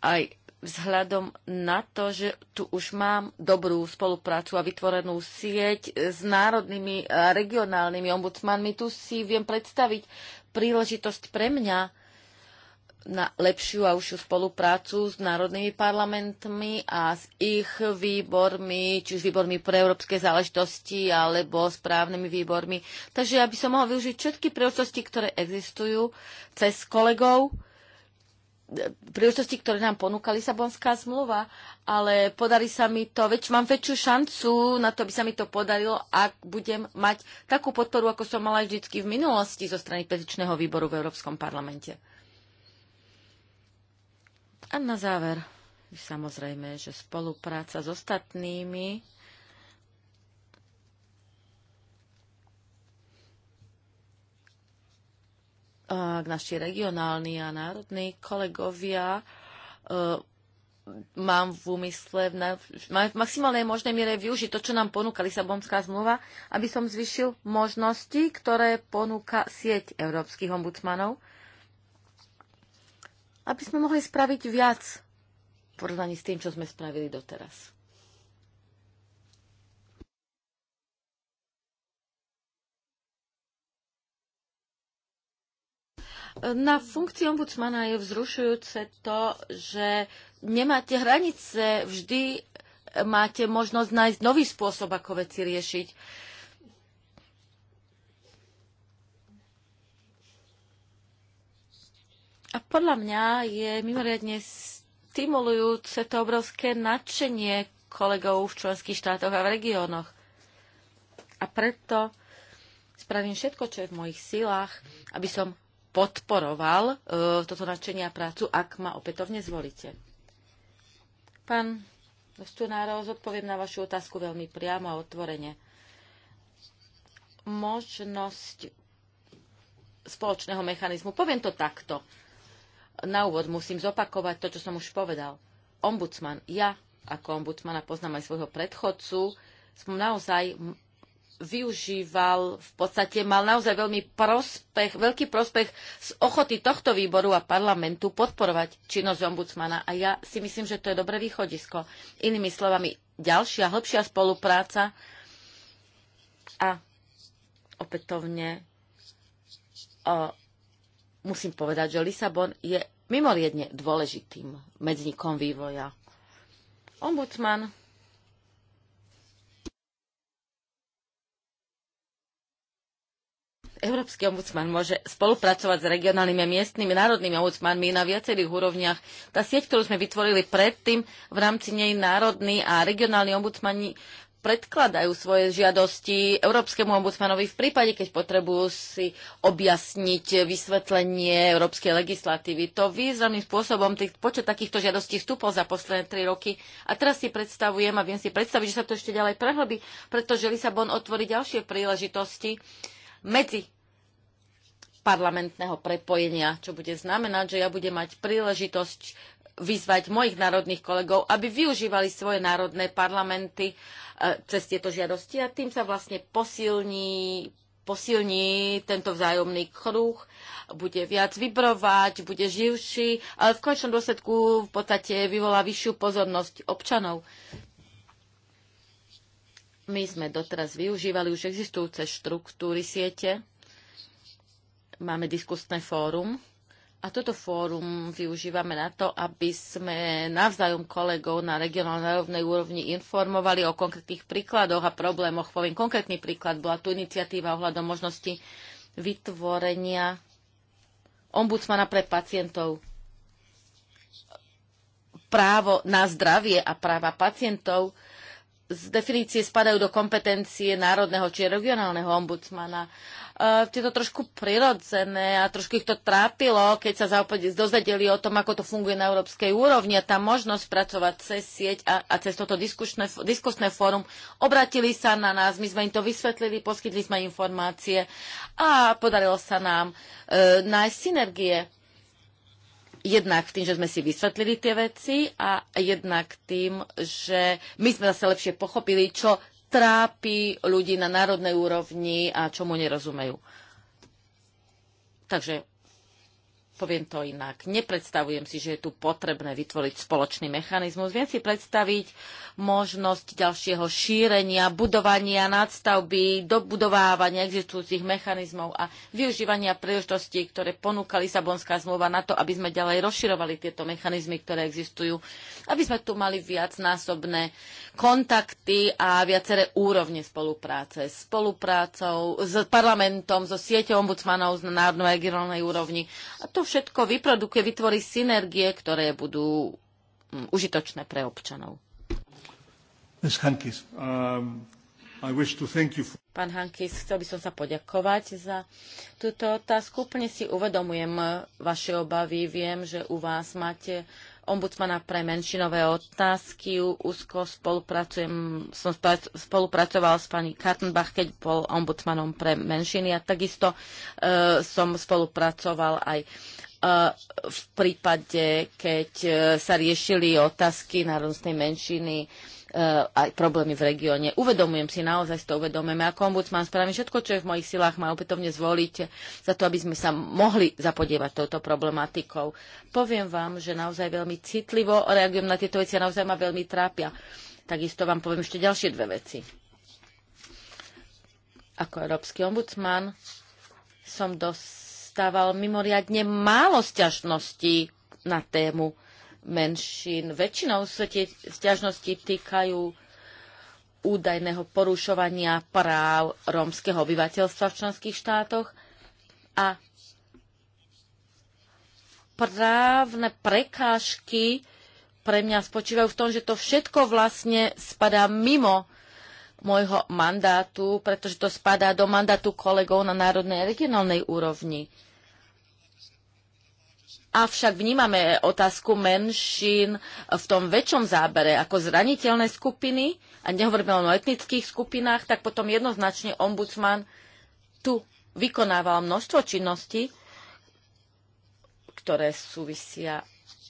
aj vzhľadom na to, že tu už mám dobrú spoluprácu a vytvorenú sieť s národnými a regionálnymi ombudsmanmi. Tu si viem predstaviť príležitosť pre mňa na lepšiu a užšiu spoluprácu s národnými parlamentmi a s ich výbormi, či už výbormi pre európske záležitosti alebo správnymi výbormi. Takže ja by som mohla využiť všetky príležitosti, ktoré existujú cez kolegov, príležitosti, ktoré nám ponúka Lisabonská zmluva, ale podarí sa mi to, veď mám väčšiu šancu na to, aby sa mi to podarilo, ak budem mať takú podporu, ako som mala vždy v minulosti zo strany petičného výboru v Európskom parlamente. A na záver, samozrejme, že spolupráca s ostatnými naši regionálni a národní kolegovia e, mám v úmysle v, na, v maximálnej možnej miere využiť to, čo nám ponúka Lisabonská zmluva, aby som zvyšil možnosti, ktoré ponúka sieť európskych ombudsmanov aby sme mohli spraviť viac v porovnaní s tým, čo sme spravili doteraz. Na funkcii ombudsmana je vzrušujúce to, že nemáte hranice, vždy máte možnosť nájsť nový spôsob, ako veci riešiť. A podľa mňa je mimoriadne stimulujúce to obrovské nadšenie kolegov v členských štátoch a v regiónoch. A preto spravím všetko, čo je v mojich silách, aby som podporoval uh, toto nadšenie a prácu, ak ma opätovne zvolíte. Pán Stunárov, zodpoviem na vašu otázku veľmi priamo a otvorene. Možnosť spoločného mechanizmu. Poviem to takto na úvod musím zopakovať to, čo som už povedal. Ombudsman, ja ako ombudsmana poznám aj svojho predchodcu, som naozaj využíval, v podstate mal naozaj veľmi prospech, veľký prospech z ochoty tohto výboru a parlamentu podporovať činnosť ombudsmana. A ja si myslím, že to je dobré východisko. Inými slovami, ďalšia, hĺbšia spolupráca a opätovne musím povedať, že Lisabon je mimoriadne dôležitým medzníkom vývoja. Ombudsman Európsky ombudsman môže spolupracovať s regionálnymi a miestnymi národnými ombudsmanmi na viacerých úrovniach. Tá sieť, ktorú sme vytvorili predtým, v rámci nej národní a regionálni ombudsmani predkladajú svoje žiadosti Európskemu ombudsmanovi v prípade, keď potrebujú si objasniť vysvetlenie európskej legislatívy. To významným spôsobom tých, počet takýchto žiadostí vstúpol za posledné tri roky a teraz si predstavujem a viem si predstaviť, že sa to ešte ďalej prehlbí, pretože Lisabon otvorí ďalšie príležitosti medzi parlamentného prepojenia, čo bude znamenať, že ja budem mať príležitosť vyzvať mojich národných kolegov, aby využívali svoje národné parlamenty e, cez tieto žiadosti a tým sa vlastne posilní posilní tento vzájomný kruh, bude viac vybrovať, bude živší, ale v končnom dôsledku v podstate vyvolá vyššiu pozornosť občanov. My sme doteraz využívali už existujúce štruktúry siete. Máme diskusné fórum, a toto fórum využívame na to, aby sme navzájom kolegov na regionálnej rovnej úrovni informovali o konkrétnych príkladoch a problémoch. Poviem konkrétny príklad. Bola tu iniciatíva ohľadom možnosti vytvorenia ombudsmana pre pacientov. Právo na zdravie a práva pacientov z definície spadajú do kompetencie národného či regionálneho ombudsmana Eh, je to trošku prirodzené a trošku ich to trápilo, keď sa zaopäť dozvedeli o tom, ako to funguje na európskej úrovni a tá možnosť pracovať cez sieť a, a cez toto diskusné, diskusné fórum. Obratili sa na nás, my sme im to vysvetlili, poskytli sme informácie a podarilo sa nám uh, nájsť synergie jednak tým, že sme si vysvetlili tie veci a jednak tým, že my sme zase lepšie pochopili, čo trápi ľudí na národnej úrovni a čomu nerozumejú. Takže Poviem to inak. Nepredstavujem si, že je tu potrebné vytvoriť spoločný mechanizmus. Viem si predstaviť možnosť ďalšieho šírenia, budovania, nadstavby, dobudovávania existujúcich mechanizmov a využívania príležitostí, ktoré ponúka Lisabonská zmluva na to, aby sme ďalej rozširovali tieto mechanizmy, ktoré existujú, aby sme tu mali viacnásobné kontakty a viaceré úrovne spolupráce. spoluprácou s parlamentom, so sieťou ombudsmanov na národnej regionálnej úrovni. A to všetko vyprodukuje, vytvorí synergie, ktoré budú mm, užitočné pre občanov. Um, Pán Hankis, chcel by som sa poďakovať za túto otázku. Úplne si uvedomujem vaše obavy. Viem, že u vás máte ombudsmana pre menšinové otázky. Úzko spolupracujem, som spolupracoval s pani Kartenbach, keď bol ombudsmanom pre menšiny a takisto uh, som spolupracoval aj e, v prípade, keď e, sa riešili otázky národnostnej menšiny Eh, aj problémy v regióne. Uvedomujem si, naozaj si to uvedomujeme. Ako ombudsman spravím všetko, čo je v mojich silách, ma opätovne zvoliť za to, aby sme sa mohli zapodievať touto problematikou. Poviem vám, že naozaj veľmi citlivo reagujem na tieto veci a naozaj ma veľmi trápia. Takisto vám poviem ešte ďalšie dve veci. Ako európsky ombudsman som dostával mimoriadne málo sťažností na tému menšín. Väčšinou sa tie stiažnosti týkajú údajného porušovania práv rómskeho obyvateľstva v členských štátoch a právne prekážky pre mňa spočívajú v tom, že to všetko vlastne spadá mimo môjho mandátu, pretože to spadá do mandátu kolegov na národnej a regionálnej úrovni avšak vnímame otázku menšín v tom väčšom zábere ako zraniteľné skupiny, a nehovoríme len o etnických skupinách, tak potom jednoznačne ombudsman tu vykonával množstvo činností, ktoré súvisia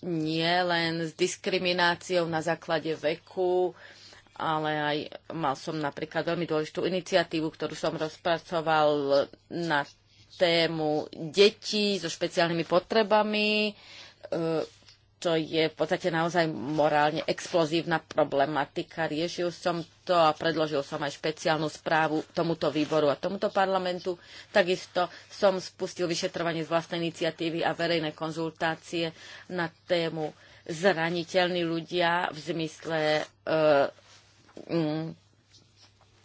nie len s diskrimináciou na základe veku, ale aj mal som napríklad veľmi dôležitú iniciatívu, ktorú som rozpracoval na tému detí so špeciálnymi potrebami, e, čo je v podstate naozaj morálne explozívna problematika. Riešil som to a predložil som aj špeciálnu správu tomuto výboru a tomuto parlamentu. Takisto som spustil vyšetrovanie z vlastnej iniciatívy a verejné konzultácie na tému zraniteľní ľudia v zmysle e,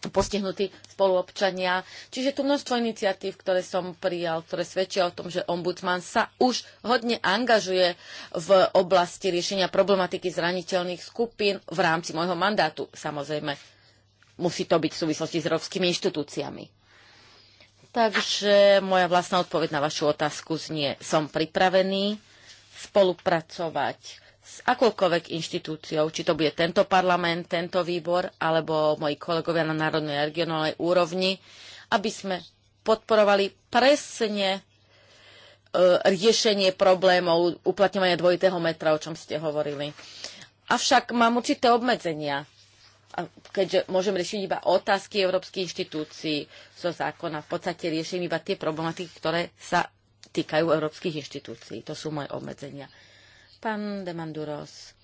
postihnutí spoluobčania. Čiže tu množstvo iniciatív, ktoré som prijal, ktoré svedčia o tom, že ombudsman sa už hodne angažuje v oblasti riešenia problematiky zraniteľných skupín v rámci môjho mandátu. Samozrejme, musí to byť v súvislosti s rovskými inštitúciami. Takže moja vlastná odpoveď na vašu otázku znie, som pripravený spolupracovať s akoukoľvek inštitúciou, či to bude tento parlament, tento výbor, alebo moji kolegovia na národnej a regionálnej úrovni, aby sme podporovali presne e, riešenie problémov uplatňovania dvojitého metra, o čom ste hovorili. Avšak mám určité obmedzenia, keďže môžem riešiť iba otázky európskych inštitúcií zo zákona. V podstate riešim iba tie problematiky, ktoré sa týkajú európskych inštitúcií. To sú moje obmedzenia. Pán Demanduros,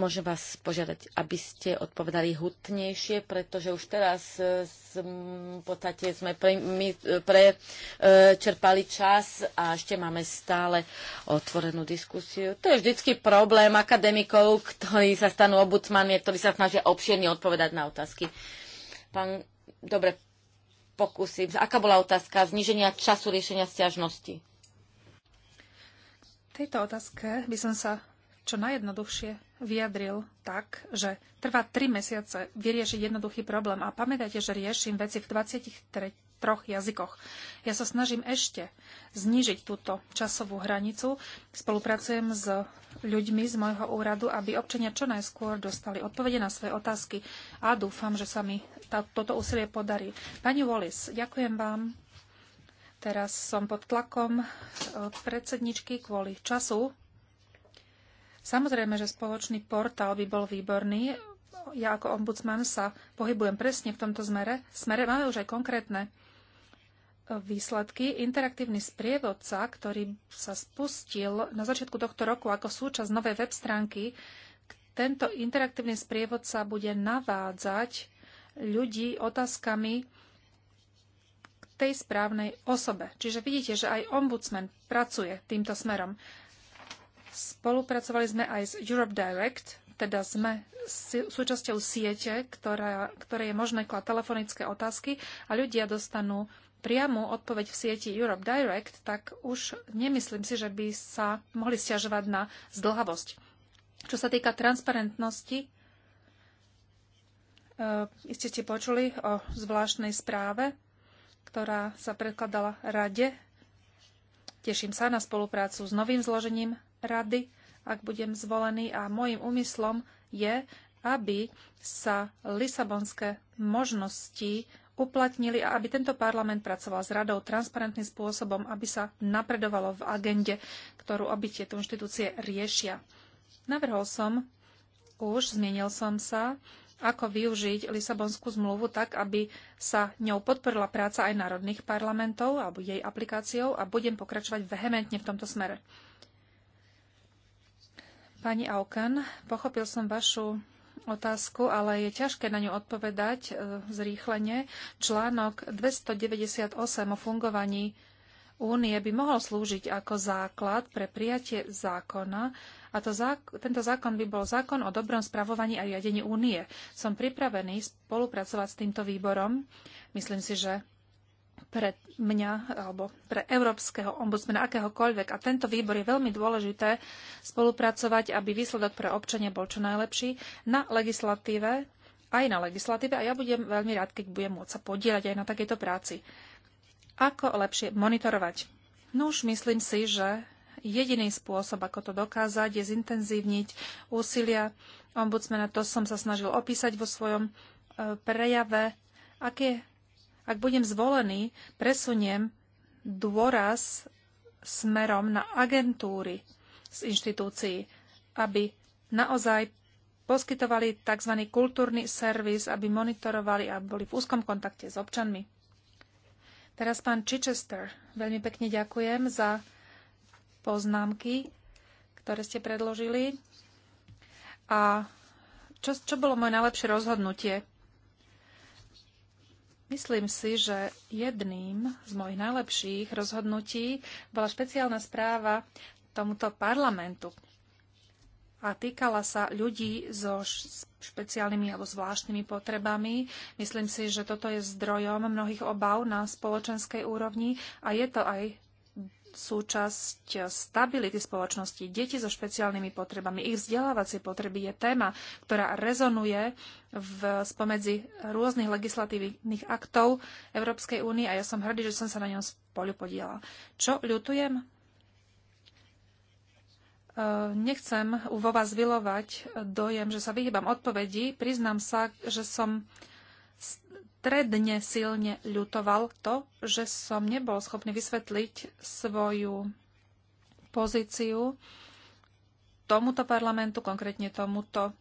môžem vás požiadať, aby ste odpovedali hutnejšie, pretože už teraz e, v podstate sme e, prečerpali pre, čas a ešte máme stále otvorenú diskusiu. To je vždycky problém akademikov, ktorí sa stanú obudsmanmi, ktorí sa snažia obširne odpovedať na otázky. Pán, dobre, pokúsim. Aká bola otázka? Zníženia času riešenia stiažnosti tejto otázke by som sa čo najjednoduchšie vyjadril tak, že trvá 3 mesiace vyriešiť jednoduchý problém. A pamätajte, že riešim veci v 23 troch jazykoch. Ja sa snažím ešte znížiť túto časovú hranicu. Spolupracujem s ľuďmi z môjho úradu, aby občania čo najskôr dostali odpovede na svoje otázky a dúfam, že sa mi tá, toto úsilie podarí. Pani Wallis, ďakujem vám Teraz som pod tlakom e, predsedničky kvôli času. Samozrejme, že spoločný portál by bol výborný. Ja ako ombudsman sa pohybujem presne v tomto smere. smere máme už aj konkrétne e, výsledky. Interaktívny sprievodca, ktorý sa spustil na začiatku tohto roku ako súčasť novej web stránky, tento interaktívny sprievodca bude navádzať ľudí otázkami, tej správnej osobe. Čiže vidíte, že aj ombudsman pracuje týmto smerom. Spolupracovali sme aj s Europe Direct, teda sme súčasťou siete, ktorá, ktoré je možné klať telefonické otázky a ľudia dostanú priamu odpoveď v sieti Europe Direct, tak už nemyslím si, že by sa mohli stiažovať na zdlhavosť. Čo sa týka transparentnosti, e, ste počuli o zvláštnej správe ktorá sa predkladala rade. Teším sa na spoluprácu s novým zložením rady, ak budem zvolený a môjim úmyslom je, aby sa lisabonské možnosti uplatnili a aby tento parlament pracoval s radou transparentným spôsobom, aby sa napredovalo v agende, ktorú obi tieto inštitúcie riešia. Navrhol som už, zmienil som sa ako využiť Lisabonskú zmluvu tak, aby sa ňou podporila práca aj národných parlamentov alebo jej aplikáciou a budem pokračovať vehementne v tomto smere. Pani Auken, pochopil som vašu otázku, ale je ťažké na ňu odpovedať e, zrýchlene. Článok 298 o fungovaní únie by mohol slúžiť ako základ pre prijatie zákona, a to zák- tento zákon by bol zákon o dobrom spravovaní a riadení únie. Som pripravený spolupracovať s týmto výborom. Myslím si, že pre mňa alebo pre európskeho ombudsmana akéhokoľvek. A tento výbor je veľmi dôležité spolupracovať, aby výsledok pre občania bol čo najlepší na legislatíve, aj na legislatíve. A ja budem veľmi rád, keď budem môcť sa podielať aj na takejto práci. Ako lepšie monitorovať? No už myslím si, že jediný spôsob, ako to dokázať, je zintenzívniť úsilia ombudsmana. To som sa snažil opísať vo svojom e, prejave. Ak, je, ak budem zvolený, presuniem dôraz smerom na agentúry z inštitúcií, aby naozaj poskytovali tzv. kultúrny servis, aby monitorovali a boli v úzkom kontakte s občanmi. Teraz pán Chichester, veľmi pekne ďakujem za poznámky, ktoré ste predložili. A čo, čo bolo moje najlepšie rozhodnutie? Myslím si, že jedným z mojich najlepších rozhodnutí bola špeciálna správa tomuto parlamentu a týkala sa ľudí so špeciálnymi alebo zvláštnymi potrebami. Myslím si, že toto je zdrojom mnohých obav na spoločenskej úrovni a je to aj súčasť stability spoločnosti. Deti so špeciálnymi potrebami, ich vzdelávacie potreby je téma, ktorá rezonuje v, spomedzi rôznych legislatívnych aktov Európskej únie a ja som hrdý, že som sa na ňom spolu podiela. Čo ľutujem? Nechcem vo vás vylovať dojem, že sa vyhýbam odpovedi. Priznám sa, že som stredne silne ľutoval to, že som nebol schopný vysvetliť svoju pozíciu tomuto parlamentu, konkrétne tomuto e,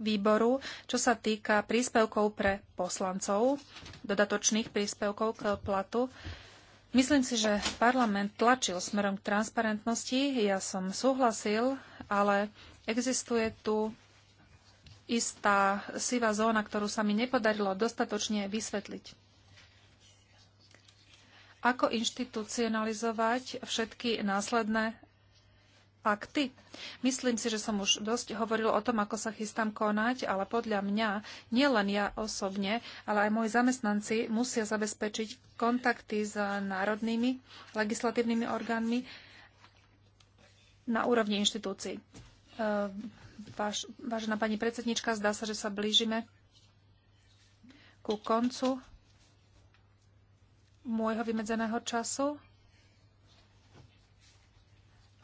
výboru, čo sa týka príspevkov pre poslancov, dodatočných príspevkov k platu. Myslím si, že parlament tlačil smerom k transparentnosti. Ja som súhlasil, ale existuje tu istá sivá zóna, ktorú sa mi nepodarilo dostatočne vysvetliť. Ako inštitucionalizovať všetky následné akty? Myslím si, že som už dosť hovoril o tom, ako sa chystám konať, ale podľa mňa, nielen ja osobne, ale aj moji zamestnanci musia zabezpečiť kontakty s národnými legislatívnymi orgánmi na úrovni inštitúcií. Ehm, Váž, vážená pani predsednička, zdá sa, že sa blížime ku koncu môjho vymedzeného času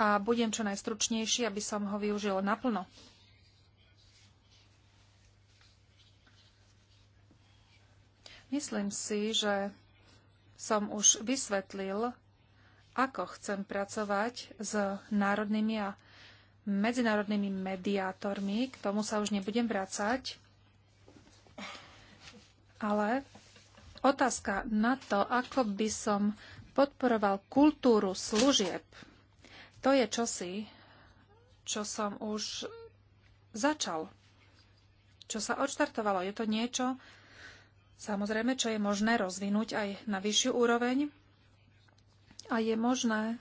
a budem čo najstručnejší, aby som ho využil naplno. Myslím si, že som už vysvetlil, ako chcem pracovať s národnými a medzinárodnými mediátormi. K tomu sa už nebudem vracať. Ale otázka na to, ako by som podporoval kultúru služieb to je čosi, čo som už začal, čo sa odštartovalo. Je to niečo, samozrejme, čo je možné rozvinúť aj na vyššiu úroveň a je možné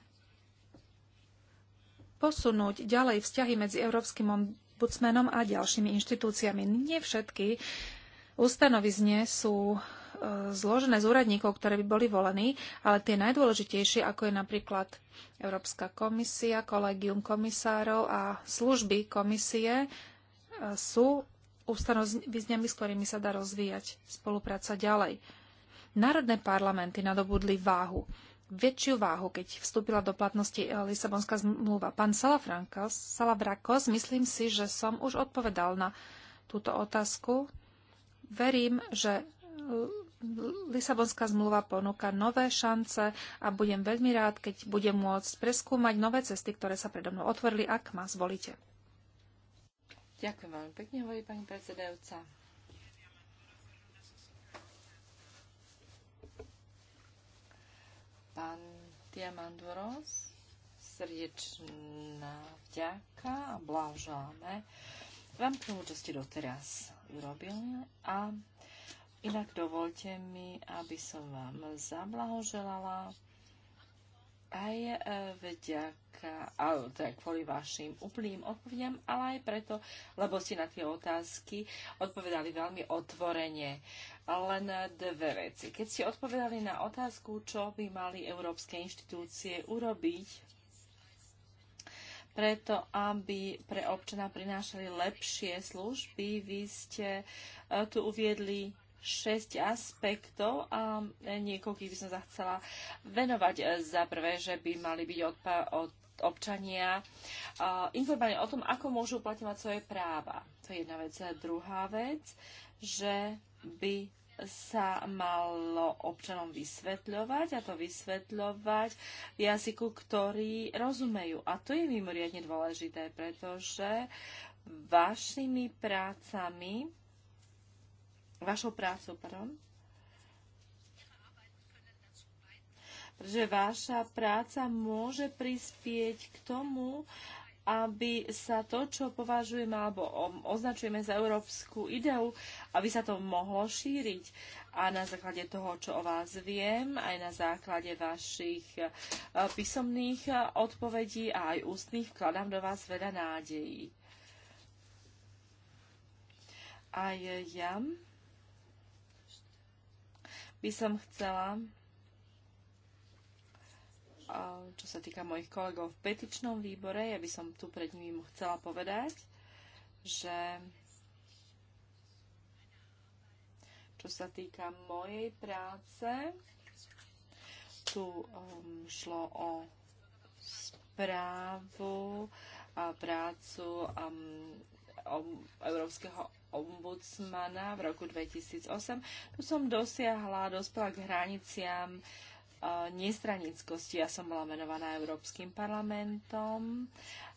posunúť ďalej vzťahy medzi Európskym ombudsmenom a ďalšími inštitúciami. Nie všetky ustanovizne sú zložené z úradníkov, ktoré by boli volení, ale tie najdôležitejšie, ako je napríklad Európska komisia, kolegium komisárov a služby komisie, e, sú ustanovizňami, s ktorými sa dá rozvíjať spolupráca ďalej. Národné parlamenty nadobudli váhu, väčšiu váhu, keď vstúpila do platnosti e, Lisabonská zmluva. Pán Salavrakos, myslím si, že som už odpovedal na túto otázku verím, že Lisabonská zmluva ponúka nové šance a budem veľmi rád, keď budem môcť preskúmať nové cesty, ktoré sa predo mnou otvorili, ak ma zvolíte. Ďakujem veľmi pekne, hovorí pani predsedajúca. Pán Diamandoros, srdečná vďaka a blážame vám k tomu, čo ste doteraz urobili a Inak dovolte mi, aby som vám zablahoželala aj e, vďaka, ale teda kvôli vašim úplným odpovediam, ale aj preto, lebo ste na tie otázky odpovedali veľmi otvorene. Len dve veci. Keď ste odpovedali na otázku, čo by mali európske inštitúcie urobiť preto, aby pre občana prinášali lepšie služby, vy ste e, tu uviedli 6 aspektov a niekoľkých by som zachcela venovať. Za prvé, že by mali byť od občania informovaní o tom, ako môžu uplatňovať svoje práva. To je jedna vec. A druhá vec, že by sa malo občanom vysvetľovať a to vysvetľovať v jazyku, ktorý rozumejú. A to je mimoriadne dôležité, pretože vašimi prácami vašou prácou, pardon. Pretože vaša práca môže prispieť k tomu, aby sa to, čo považujeme alebo označujeme za európsku ideu, aby sa to mohlo šíriť. A na základe toho, čo o vás viem, aj na základe vašich e, písomných e, odpovedí a aj ústnych, vkladám do vás veľa nádejí. Aj ja by som chcela, čo sa týka mojich kolegov v petičnom výbore, ja by som tu pred nimi chcela povedať, že čo sa týka mojej práce, tu um, šlo o správu a prácu um, o Európskeho ombudsmana v roku 2008. Tu som dosiahla, dospela k hraniciam e, nestranickosti. Ja som bola menovaná Európskym parlamentom,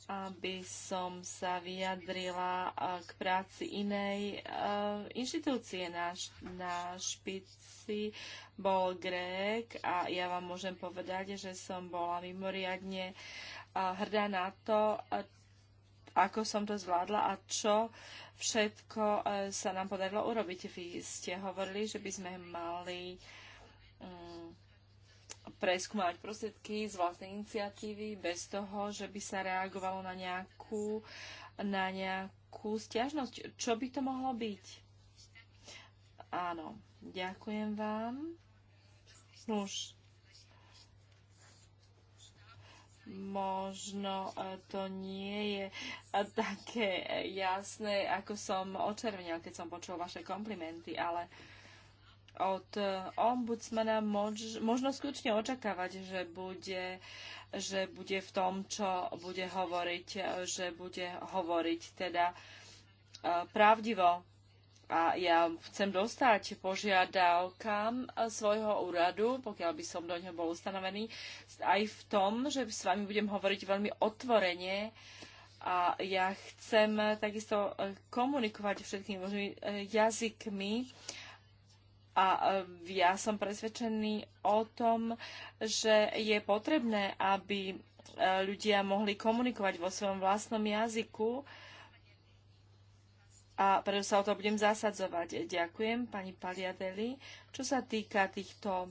aby som sa vyjadrila e, k práci inej e, inštitúcie na, na špici bol Grék a ja vám môžem povedať, že som bola mimoriadne hrdá na to, ako som to zvládla a čo všetko e, sa nám podarilo urobiť. Vy ste hovorili, že by sme mali um, preskúmať prostriedky z vlastnej iniciatívy bez toho, že by sa reagovalo na nejakú, na nejakú stiažnosť. Čo by to mohlo byť? Áno, ďakujem vám. Nuž, možno e, to nie je e, také jasné, ako som očervenil, keď som počul vaše komplimenty, ale od e, ombudsmana mož, možno skutočne očakávať, že bude, že bude v tom, čo bude hovoriť, že bude hovoriť teda pravdivo a ja chcem dostať požiadavkám svojho úradu, pokiaľ by som do neho bol ustanovený, aj v tom, že s vami budem hovoriť veľmi otvorene a ja chcem takisto e, komunikovať všetkými možnými e, jazykmi a e, ja som presvedčený o tom, že je potrebné, aby ľudia mohli komunikovať vo svojom vlastnom jazyku a preto sa o to budem zasadzovať. Ďakujem pani Paliadeli. Čo sa týka týchto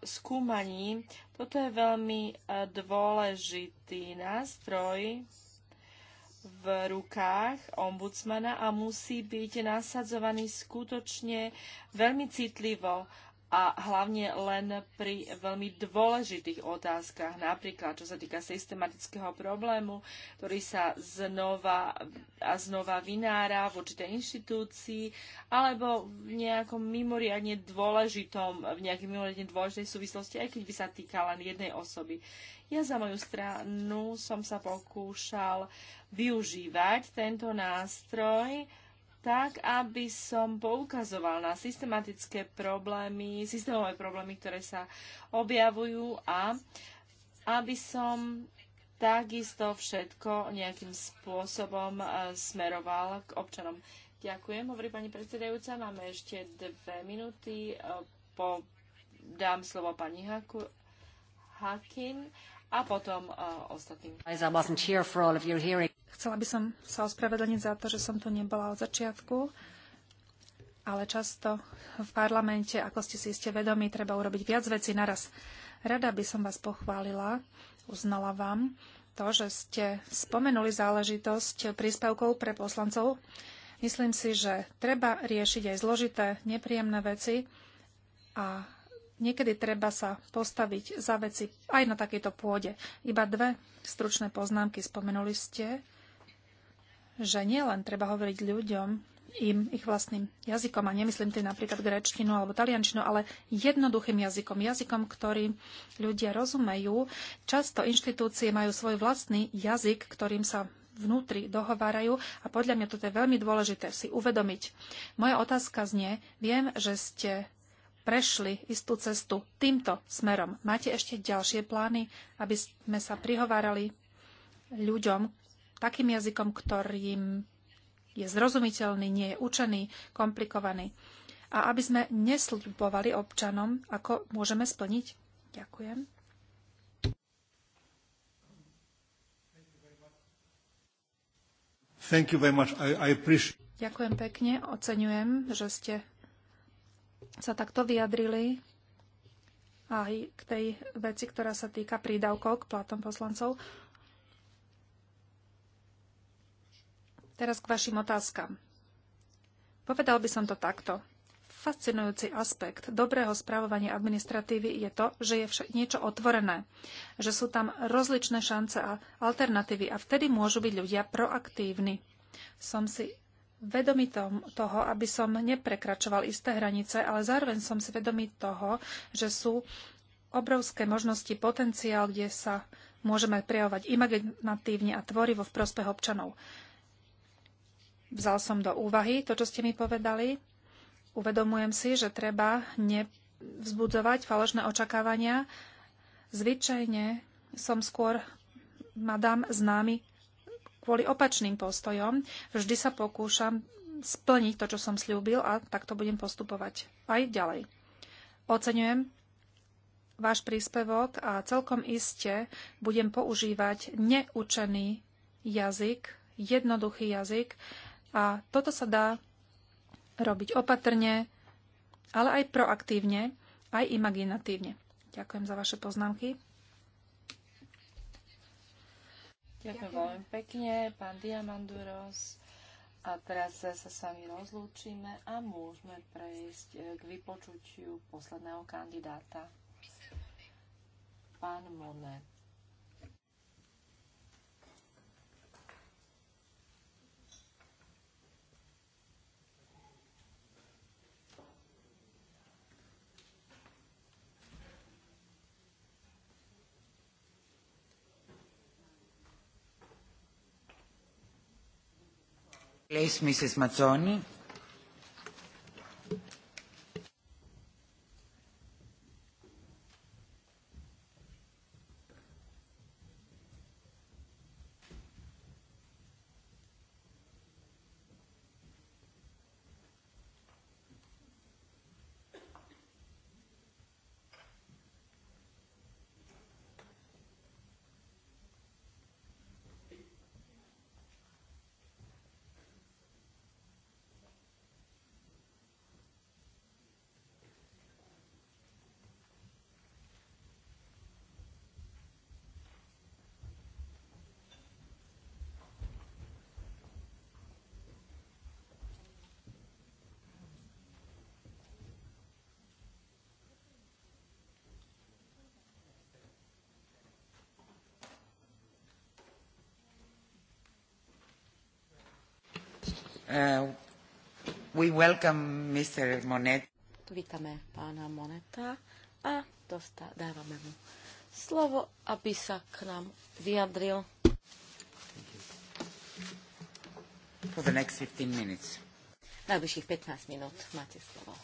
skúmaní, toto je veľmi e, dôležitý nástroj v rukách ombudsmana a musí byť nasadzovaný skutočne veľmi citlivo a hlavne len pri veľmi dôležitých otázkach, napríklad čo sa týka systematického problému, ktorý sa znova a znova vynára v určitej inštitúcii alebo v nejakom mimoriadne dôležitom, v nejakej mimoriadne dôležitej súvislosti, aj keď by sa týka len jednej osoby. Ja za moju stranu som sa pokúšal využívať tento nástroj, tak, aby som poukazoval na systematické problémy, systémové problémy, ktoré sa objavujú a aby som takisto všetko nejakým spôsobom e, smeroval k občanom. Ďakujem, hovorí pani predsedajúca. Máme ešte dve minúty. E, po, dám slovo pani Haku, Hakin a potom e, ostatným. Chcela by som sa ospravedlniť za to, že som tu nebola od začiatku, ale často v parlamente, ako ste si iste vedomi, treba urobiť viac vecí naraz. Rada by som vás pochválila, uznala vám to, že ste spomenuli záležitosť príspevkov pre poslancov. Myslím si, že treba riešiť aj zložité, nepríjemné veci a Niekedy treba sa postaviť za veci aj na takejto pôde. Iba dve stručné poznámky spomenuli ste že nielen treba hovoriť ľuďom im ich vlastným jazykom, a nemyslím tým napríklad grečtinu alebo taliančinu, ale jednoduchým jazykom, jazykom, ktorý ľudia rozumejú. Často inštitúcie majú svoj vlastný jazyk, ktorým sa vnútri dohovárajú a podľa mňa toto je veľmi dôležité si uvedomiť. Moja otázka znie, viem, že ste prešli istú cestu týmto smerom. Máte ešte ďalšie plány, aby sme sa prihovárali ľuďom, takým jazykom, ktorým je zrozumiteľný, nie je učený, komplikovaný. A aby sme nesľubovali občanom, ako môžeme splniť. Ďakujem. Thank you very much. I, I appreciate... Ďakujem pekne, oceňujem, že ste sa takto vyjadrili aj k tej veci, ktorá sa týka prídavkov k platom poslancov. Teraz k vašim otázkam. Povedal by som to takto. Fascinujúci aspekt dobrého správovania administratívy je to, že je niečo otvorené, že sú tam rozličné šance a alternatívy a vtedy môžu byť ľudia proaktívni. Som si vedomý toho, aby som neprekračoval isté hranice, ale zároveň som si vedomý toho, že sú obrovské možnosti, potenciál, kde sa môžeme prejavovať imaginatívne a tvorivo v prospech občanov. Vzal som do úvahy to, čo ste mi povedali. Uvedomujem si, že treba nevzbudzovať falošné očakávania. Zvyčajne som skôr madam známy kvôli opačným postojom. Vždy sa pokúšam splniť to, čo som slúbil a takto budem postupovať aj ďalej. Oceňujem váš príspevok a celkom iste budem používať neučený jazyk, jednoduchý jazyk a toto sa dá robiť opatrne, ale aj proaktívne, aj imaginatívne. Ďakujem za vaše poznámky. Ďakujem veľmi pekne, pán Diamanduros. A teraz sa s vami rozlúčime a môžeme prejsť k vypočutiu posledného kandidáta. Pán Monet. Place Mrs. Mazzoni. Uh, we welcome Mr. Monet. Vítame pána Moneta a dostá, dávame mu slovo, aby sa k nám vyjadril. For the next 15 minutes. Najbližších 15 minút máte slovo.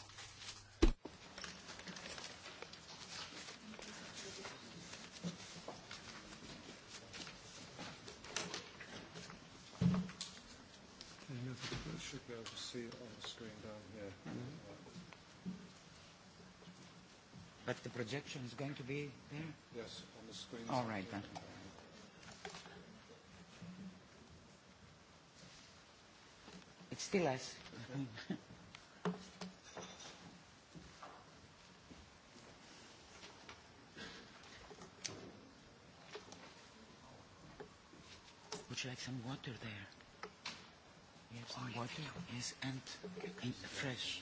projection is going to be there? Yes, on the screen. All right, then. It's still us. Would you like some water there? You have some oh, water? Yes, and, and fresh.